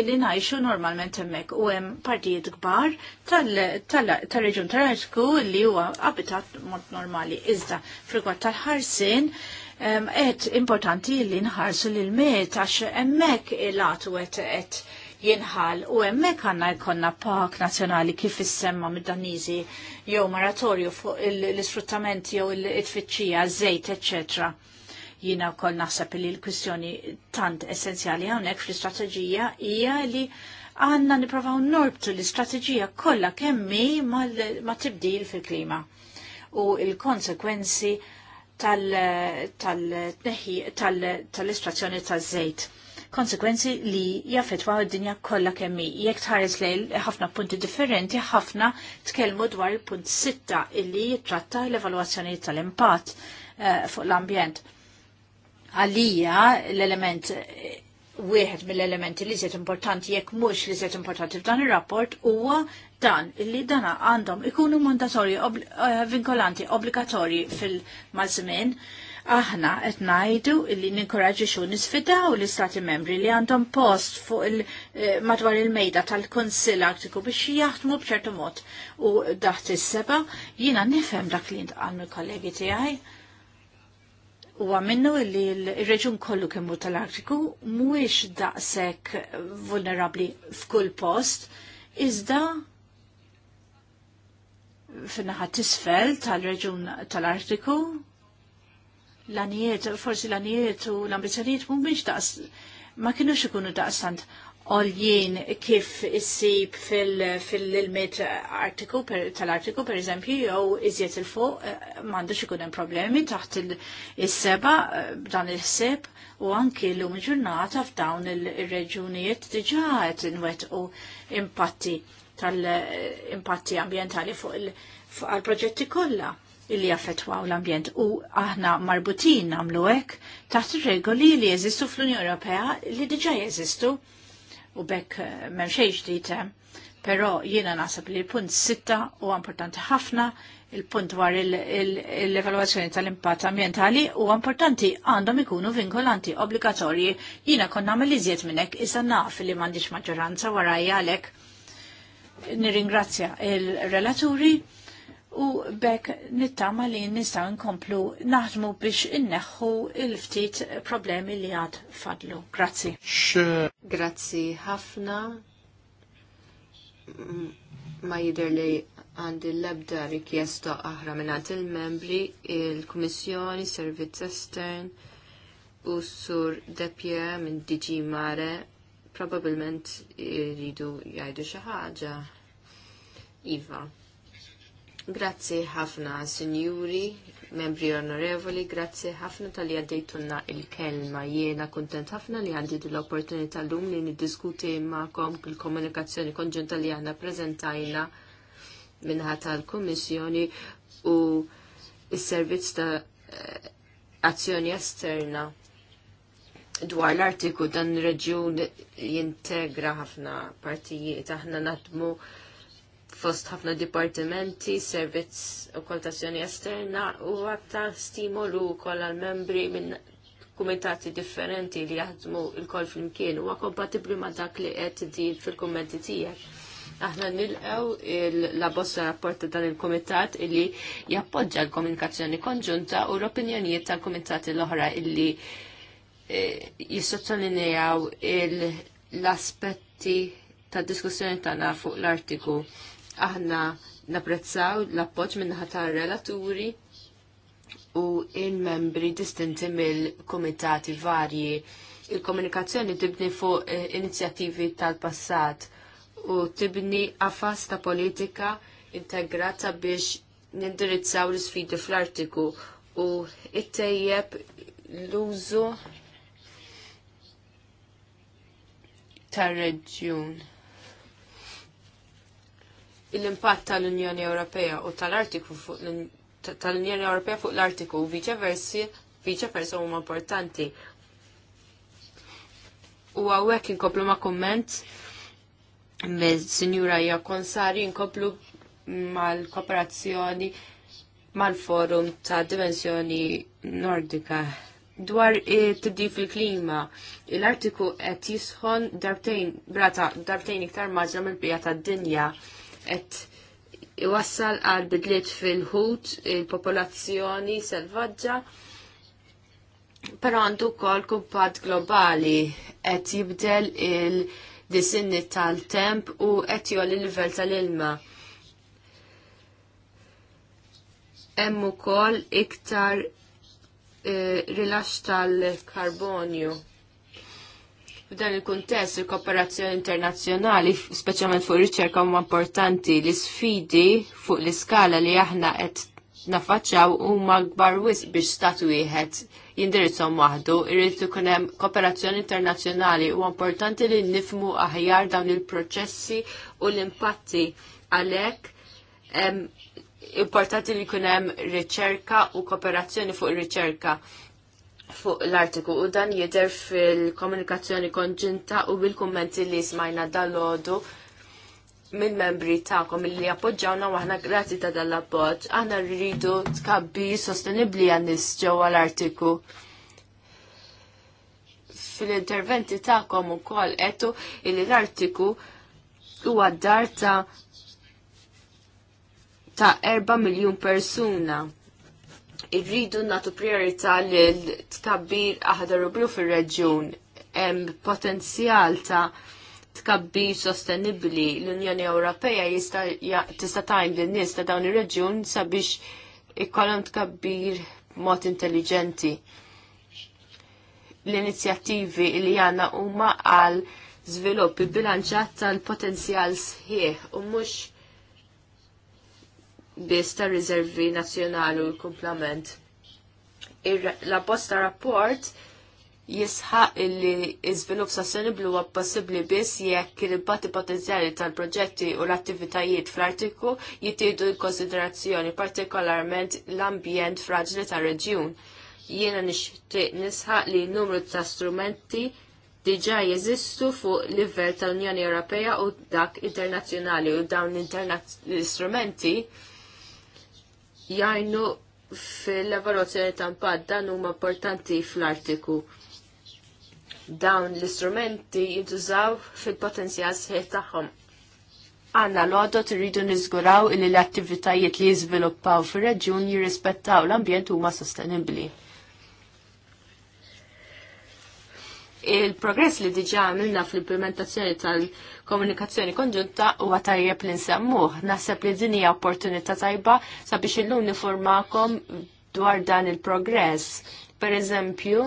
li ngħixu normalment hemmhekk u hemm partijiet kbar tal reġun tal-Arku li huwa abitat mod normali iżda frigwat tal-ħarsin um, et importanti li nħarsu l-met għax emmek il-għatu et et jinħal u hemmhekk għandna jkollna park nazzjonali kif issemma mid-Daniżi jew maratorju fuq l-isfruttament jew l-itfittxija, żejt, eċċetera. Jiena wkoll naħseb li l-kwistjoni tant essenzjali hawnhekk fl-istrateġija hija li għandna nipprovaw norbtu l-istrateġija kollha kemmi ma' tibdil fil-klima u il-konsekwenzi tal-estrazzjoni tal, tal, tal, tal, tal-żejt konsekwenzi li jaffetwa id-dinja kollha kemm jekk tħares lejl ħafna punti differenti ħafna tkellmu dwar il-punt sitta illi jitratta l-evalwazzjoni tal-impatt uh, fuq l-ambjent. Għalija l-element wieħed mill-elementi li żiet importanti jekk mhux li żiet importanti f'dan ir-rapport huwa dan li dana għandhom ikunu mandatorji eh, vinkolanti obbligatorji fil-mażmin. Uh, aħna qed ngħidu li ninkoraġixxu nisfidaw l-istati membri li għandhom post fuq il eh, madwar il-mejda tal-Kunsill Artiku biex jaħdmu b'ċertu mod u daħt is-seba jiena nifhem dak li ntqal mill-kollegi tiegħi. Huwa minnu li l-reġun kollu kemmu tal-Artiku mhuwiex daqshekk vulnerabbli f'kull post, iżda fin-naħa tisfel tal-reġun tal-Artiku l-anijiet, forsi l-anijiet u l-ambizjoniet biex daqs, ma kienu ikunu daqsant oljien kif issib fil-ilmet artiku tal-artiku per eżempju jew iżjed il-fuq eh, m'għandux ikun hemm problemi taħt il seba eh, dan il-ħsieb u anki l-lum ġurnata f'dawn il-reġunijiet diġà qed u impatti tal-impatti ambjentali fuq il-proġetti kollha illi jaffetwaw l-ambjent u aħna marbutin namlu hekk taħt regoli li jeżistu fl-Unjoni Ewropea li diġà jeżistu u bekk eh, m'hemm xejn ġdid hemm. Eh, però jiena naħseb li l-punt sitta u importanti ħafna il-punt dwar l-evaluazzjoni tal-impatt ambientali u importanti għandhom ikunu vinkolanti obbligatorji. Jiena konna għamil iżjed minnek iżda naf li m'għandix maġġoranza warajja għalhekk. Nirringrazzja il-relaturi u bekk nittama li nistaw nkomplu naħdmu biex inneħħu il-ftit problemi li għad fadlu. Grazzi. Grazzi ħafna. Ma jider li għandi l-ebda rikjesta aħra minnant il-membri, il-Komissjoni, Servizz Estern u Sur Depje minn DG Mare probabilment jridu jgħidu xi ħaġa. Iva. Grazzi ħafna, sinjuri, membri onorevoli, grazzi ħafna tal-li għaddejtunna il-kelma. Jiena kontent ħafna li għandi l-opportunità l-lum li niddiskuti ma'kom il-komunikazzjoni konġunta li għanna prezentajna minnħa tal-Komissjoni u il-servizz ta' azzjoni esterna dwar l-artiku dan reġjun jintegra ħafna partijiet aħna nadmu fost ħafna dipartimenti, servizz u kontazzjoni esterna u għatta stimolu kol għal-membri minn kumitati differenti li jaħdmu il-kol fl-imkien u kompatibli ma dak li qed di fil-kummenti tiegħek. Aħna nilqew la bossa rapporta dan il-komitat illi jappoġġa l-komunikazzjoni konġunta u l-opinjonijiet tal-komitati l-oħra illi eh, jissottolinejaw l-aspetti ta' diskussjoni tagħna fuq l-artiku Aħna napprezzaw l-appoġġ minnaħa tar-relaturi u il-membri distinti mill-komitati varji. Il-komunikazzjoni tibni fuq eh, inizjattivi tal-passat u tibni għafas ta' politika integrata biex nindirizzaw l-sfidi fl-artiku u it-tejjeb l-użu tar-reġjun l-impatt tal-Unjoni Ewropea u tal-Artiku fuq tal-Unjoni Ewropea fuq l-Artiku viċa versi viċa versi huma importanti. U għawek inkoplu ma' komment mill-Sinjura konsari inkoplu mal-kooperazzjoni mal-forum ta' dimensjoni nordika dwar eh, tibdil fil-klima. L-artiku qed jisħon darbtejn brata darbtejn iktar maġna mill-bija tad-dinja qed iwassal għal bidliet fil-ħut il-popolazzjoni selvaġġa però għandu wkoll kumpad globali qed jibdel il-disinni tal-temp u qed il livell tal-ilma. Hemm ukoll iktar eh, rilax tal-karbonju. F'dan il-kuntest il-kooperazzjoni internazzjonali, speċjalment fuq riċerka huma importanti li sfidi fuq l-iskala li aħna qed nafaċċaw huma kbar wisq biex stat wieħed jindirizzhom waħdu, irrid ikun hemm kooperazzjoni internazzjonali huwa importanti li nifmu aħjar dawn il-proċessi u l-impatti għalhekk importanti li jkun hemm riċerka u kooperazzjoni fuq ir-riċerka fuq l-artiku u dan jidher fil-komunikazzjoni konġinta u bil-kummenti li smajna dal-ħodu minn membri ta'kom li appoġġawna u aħna grati ta' dal-appoġġ. Aħna rridu tkabbi sostenibli għan-nies ġewwa l-artiku fil-interventi ta'kom u kol etu illi l-artiku u għaddar ta' ta' 4 miljon persuna irridu natu priorità lil tkabbir aħdar u blu fir-reġjun hemm potenzjal ta' tkabbir sostenibbli l-Unjoni Ewropea tista' tajn lin nies ta' dawn ir-reġjun sabiex ikollhom tkabbir mod intelligenti. L-inizjattivi li għandna huma għal żviluppi bilanċat tal-potenzjal sħiħ u mhux biss ta' riservi nazzjonali u l-kumplament. La posta rapport jisħaq illi iżvilupp sostenibli huwa possibbli biss jekk il i potenzjali tal-proġetti u l-attivitajiet fl-artiku jittieħdu konsiderazzjoni partikolarment l-ambjent fraġli tar-reġjun. Jiena nixtieq nisħaq li numru ta' strumenti diġà jeżistu fuq livell tal-Unjoni Ewropea u dak internazzjonali u dawn l-istrumenti -interna jajnu fil-evaluazzjoni ta' impatt dan huma importanti fl-artiku. Dawn l-istrumenti jintużaw fil-potenzjal sħiħ tagħhom. Għanna l-għodot rridu nizguraw illi l-attivitajiet li jizviluppaw fil-reġjun jirrispettaw l-ambjent huma sostenibli. il-progress li diġa għamilna fl-implementazzjoni tal-komunikazzjoni konġunta u għatajjeb li nsemmuh. Naħseb li dini opportunità tajba sabiex illum niformakom dwar dan il-progress. Per eżempju,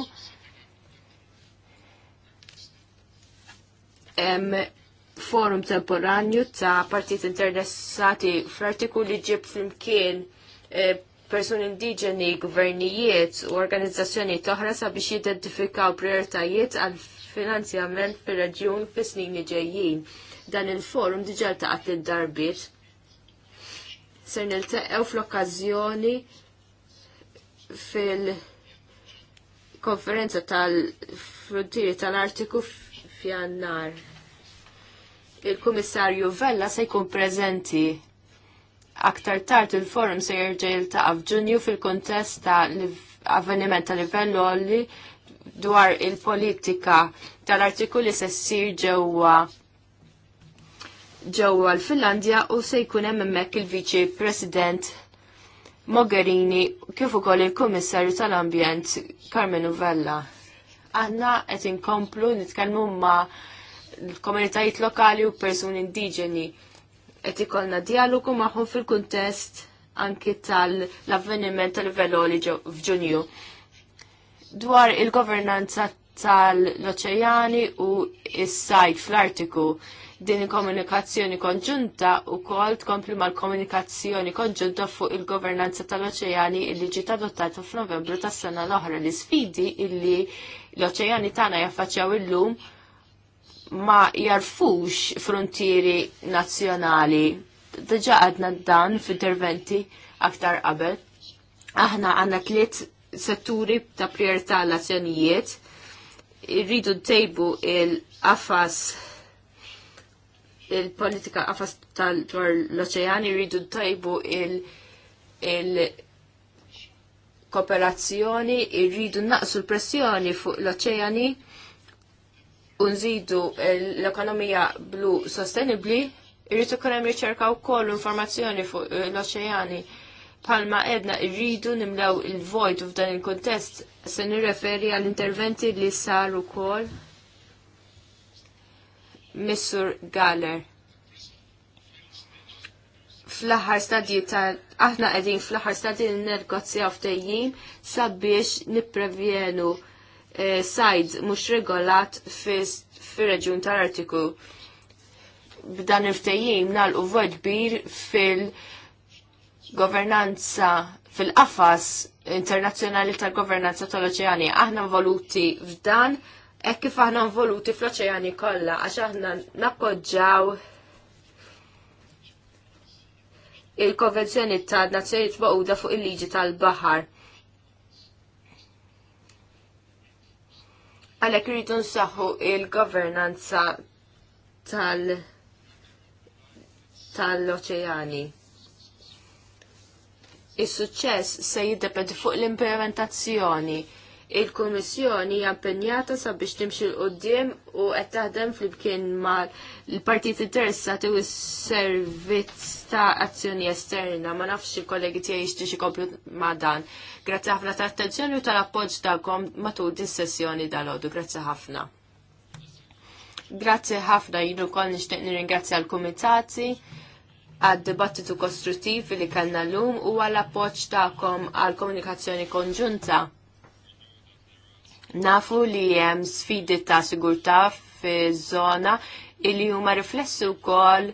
forum temporanju ta' partijiet interessati fl-artikul li ġib flimkien eh, persuni indiġeni, gvernijiet u organizzazzjoni toħra sabiex jidentifikaw prioritajiet għal finanzjament fir reġjun fis snin ġejjin. Dan il-forum diġà taqat id-darbit. Ser niltaqgħu fl-okkażjoni fil-konferenza tal-frontieri tal-Artiku f'Jannar. Il-Kummissarju Vella se jkun preżenti Aktar tard il-forum se jirġa jiltaqa' f'Ġunju fil-kontest ta' avveniment ta' livellu li dwar il-politika tal artikuli se ssir ġewwa ġewwa l-Finlandja u se jkun hemm hemmhekk il-Viċi President Mogherini kif ukoll il-Kummissarju tal-Ambjent Carmen Uvella. Aħna qed inkomplu nitkellmu ma' l-komunitajiet lokali u persuni indiġeni qed ikollna dialogu magħhom fil-kuntest anki tal-avveniment tal veloli li f'Ġunju. Dwar il-governanza tal oċejani u il sajt fl-artiku din il-komunikazzjoni konġunta u kol tkompli mal-komunikazzjoni konġunta fuq il-governanza tal-oċeani li ġiet adottata f'Novembru tas-sena l-oħra. L-isfidi illi l oċejani tagħna jaffaċċjaw illum lum ma jarfux frontieri nazzjonali. Dġa għadna dan f'interventi aktar qabel. Aħna għanna tliet setturi ta' priorità l-azzjonijiet. Irridu ntejbu il-qafas il-politika affas tal-dwar l-oċeani rridu tajbu il-kooperazzjoni, rridu naqsu l-pressjoni fuq l-oċeani unżidu nżidu l-ekonomija blu sostenibli, irrid ikun hemm u wkoll informazzjoni fuq eh, l-oċeani palma edna irridu nimlew il-vojt u f'dan il-kontest se nirreferi għall-interventi li saru kol Missur Galler. Fl-aħħar stadji ta' aħna qegħdin fl-aħħar stadji nnegozjaw ftehim sabiex nipprevjenu eh, sajd mhux regolat fir-reġjun tal-Artiku. B'dan il-ftejjim nagħlqu vojt kbir fil-governanza fil-qafas internazzjonali tal-governanza tal-oċeani. Aħna voluti f'dan e kif aħna voluti fl-oċeani kollha għax aħna nappoġġaw il-konvenzjoni ta' nazzjonijiet Magħquda fuq il-liġi tal-baħar. Għalhekk irridu nsaħħu il-governanza tal- tal-oċeani. Is-suċċess se jiddependi fuq l-implementazzjoni il-Kummissjoni hija impenjata sabiex timxi l qudiem u qed taħdem flimkien mal-partit interessati u s-servizz ta' azzjoni esterna. Ma nafx il-kollegi tiegħi jixtiex ikomplu ma' dan. Grazzi ħafna ta' attenzjoni u tal-appoġġ tagħkom matul din sessjoni dal-għodu. Grazzi ħafna. Grazzi ħafna jidu wkoll nixtieq nirringrazzja l-kumitati għad-dibattitu kostruttiv li kellna llum u għall appoġġ tagħkom għall komunikazzjoni konġunta. Nafu li hemm sfidi ta' sigurtà fi żona illi huma riflessi wkoll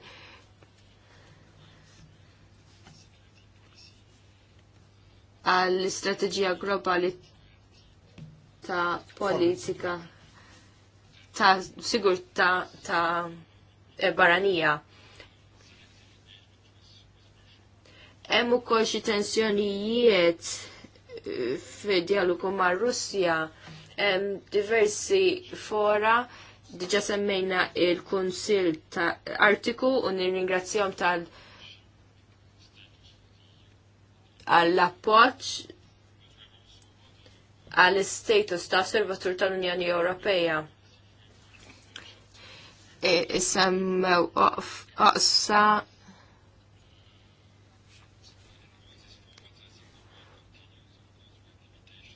għall-istrateġija globali ta' politika ta' sigurtà ta' barranija. Hemm ukoll xi tensjonijiet fid-dialogu mar-Russja diversi fora diġa semmejna il-Kunsil ta' Artiku u nir-ringrazzjom tal għall-appoċ għall-status ta' Servatur tal-Unjoni Ewropea. E, issemmew oqsa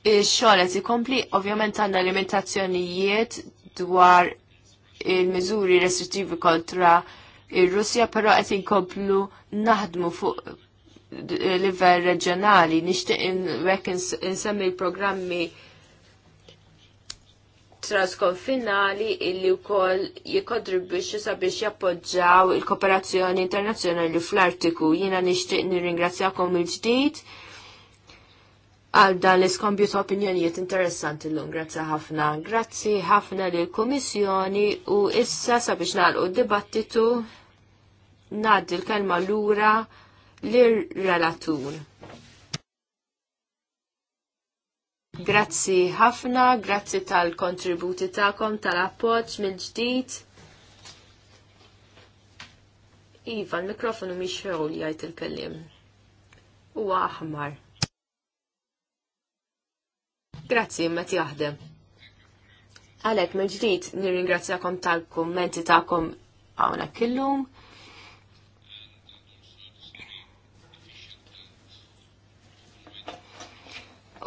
Ix-xogħol qed ikompli ovvjament għandna limitazzjonijiet dwar il-miżuri restrittivi kontra ir-Russja, però qed inkomplu naħdmu fuq livell reġjonali, nixtieq wek insemmi l-programmi transkonfinali illi wkoll jikkontribwixxu sabiex jappoġġaw il-kooperazzjoni internazzjonali fl-Artiku. Jiena nixtieq ringrazzjakom il-ġdid għal dan l-iskombju ta' opinjonijiet interessanti l-lum. Grazzi ħafna. Grazzi ħafna l komissjoni u issa sabiex d dibattitu naddi l-kelma l-ura l-relatur. Grazzi ħafna, grazzi tal-kontributi ta'kom, tal-appoġġ mill-ġdid. Iva, l-mikrofonu miex jgħid il-kellim. Huwa aħmar. Grazzi, met jahde. Għalek, mil-ġdijt, nir-ingrazzjakom tal-kommenti ta'kom għawna killum.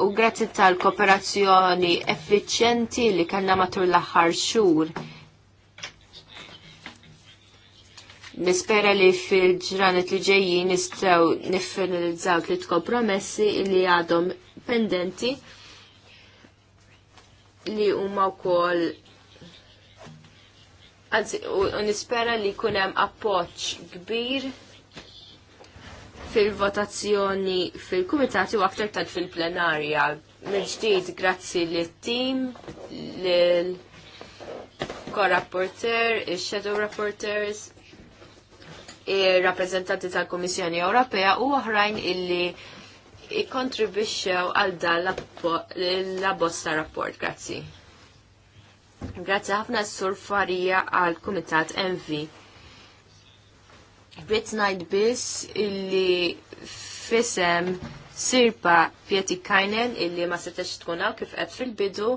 U grazzi tal-kooperazzjoni effiċenti li kellna matul l-aħħar xhur. Nispera li fil-ġranet li ġejjin nistgħu niffinalizzaw tliet promessi li għadhom pendenti li huma wkoll anzi u nispera li jkun hemm appoġġ kbir fil-votazzjoni fil-kumitati u aktar tal fil-plenarja. Mil ġdid grazzi li tim lil korrapporter, il-shadow rapporters, il-rappresentanti tal-Komissjoni Ewropea u oħrajn illi ikkontribwixxew għal dan l-abbozza rapport. Grazzi. Grazzi ħafna s-sur Farija għal Kumitat MV. Brit Night Biss illi fisem Sirpa Pieti Kajnen illi ma setax tkuna kif qed fil-bidu.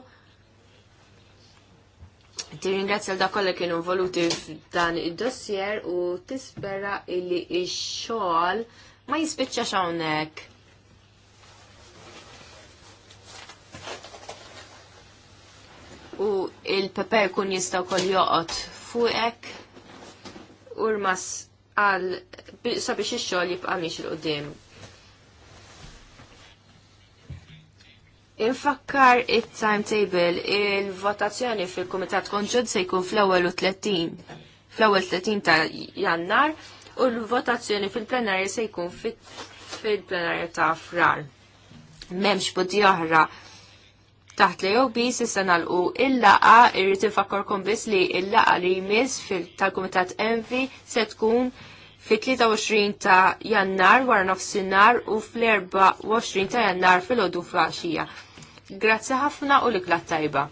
Tirringrazzja l dakolla kienu involuti f'dan id-dossier u tispera illi ix-xogħol ma jispiċċax hawnhekk u il-pepe kun jista' wkoll joqgħod fuqek u għal sabiex ix-xogħol jibqa' miex il qudiem Infakkar it-timetable il-votazzjoni fil-Kumitat Konġud se jkun fl-ewwel u 30 fl-ewwel 30 ta' Jannar u l-votazzjoni fil-plenarja se jkun fil-plenarja ta' frar. M'hemmx bodi oħra taħt li jow bis issa il-laqa irrit ifakkorkom biss li il-laqa li jmiss tal-Kumitat Envi se tkun fit-23 ta' jannar wara nofsinhar u fl-24 ta' jannar fil-ħodu flaxija. Grazzi ħafna u l-iklat tajba.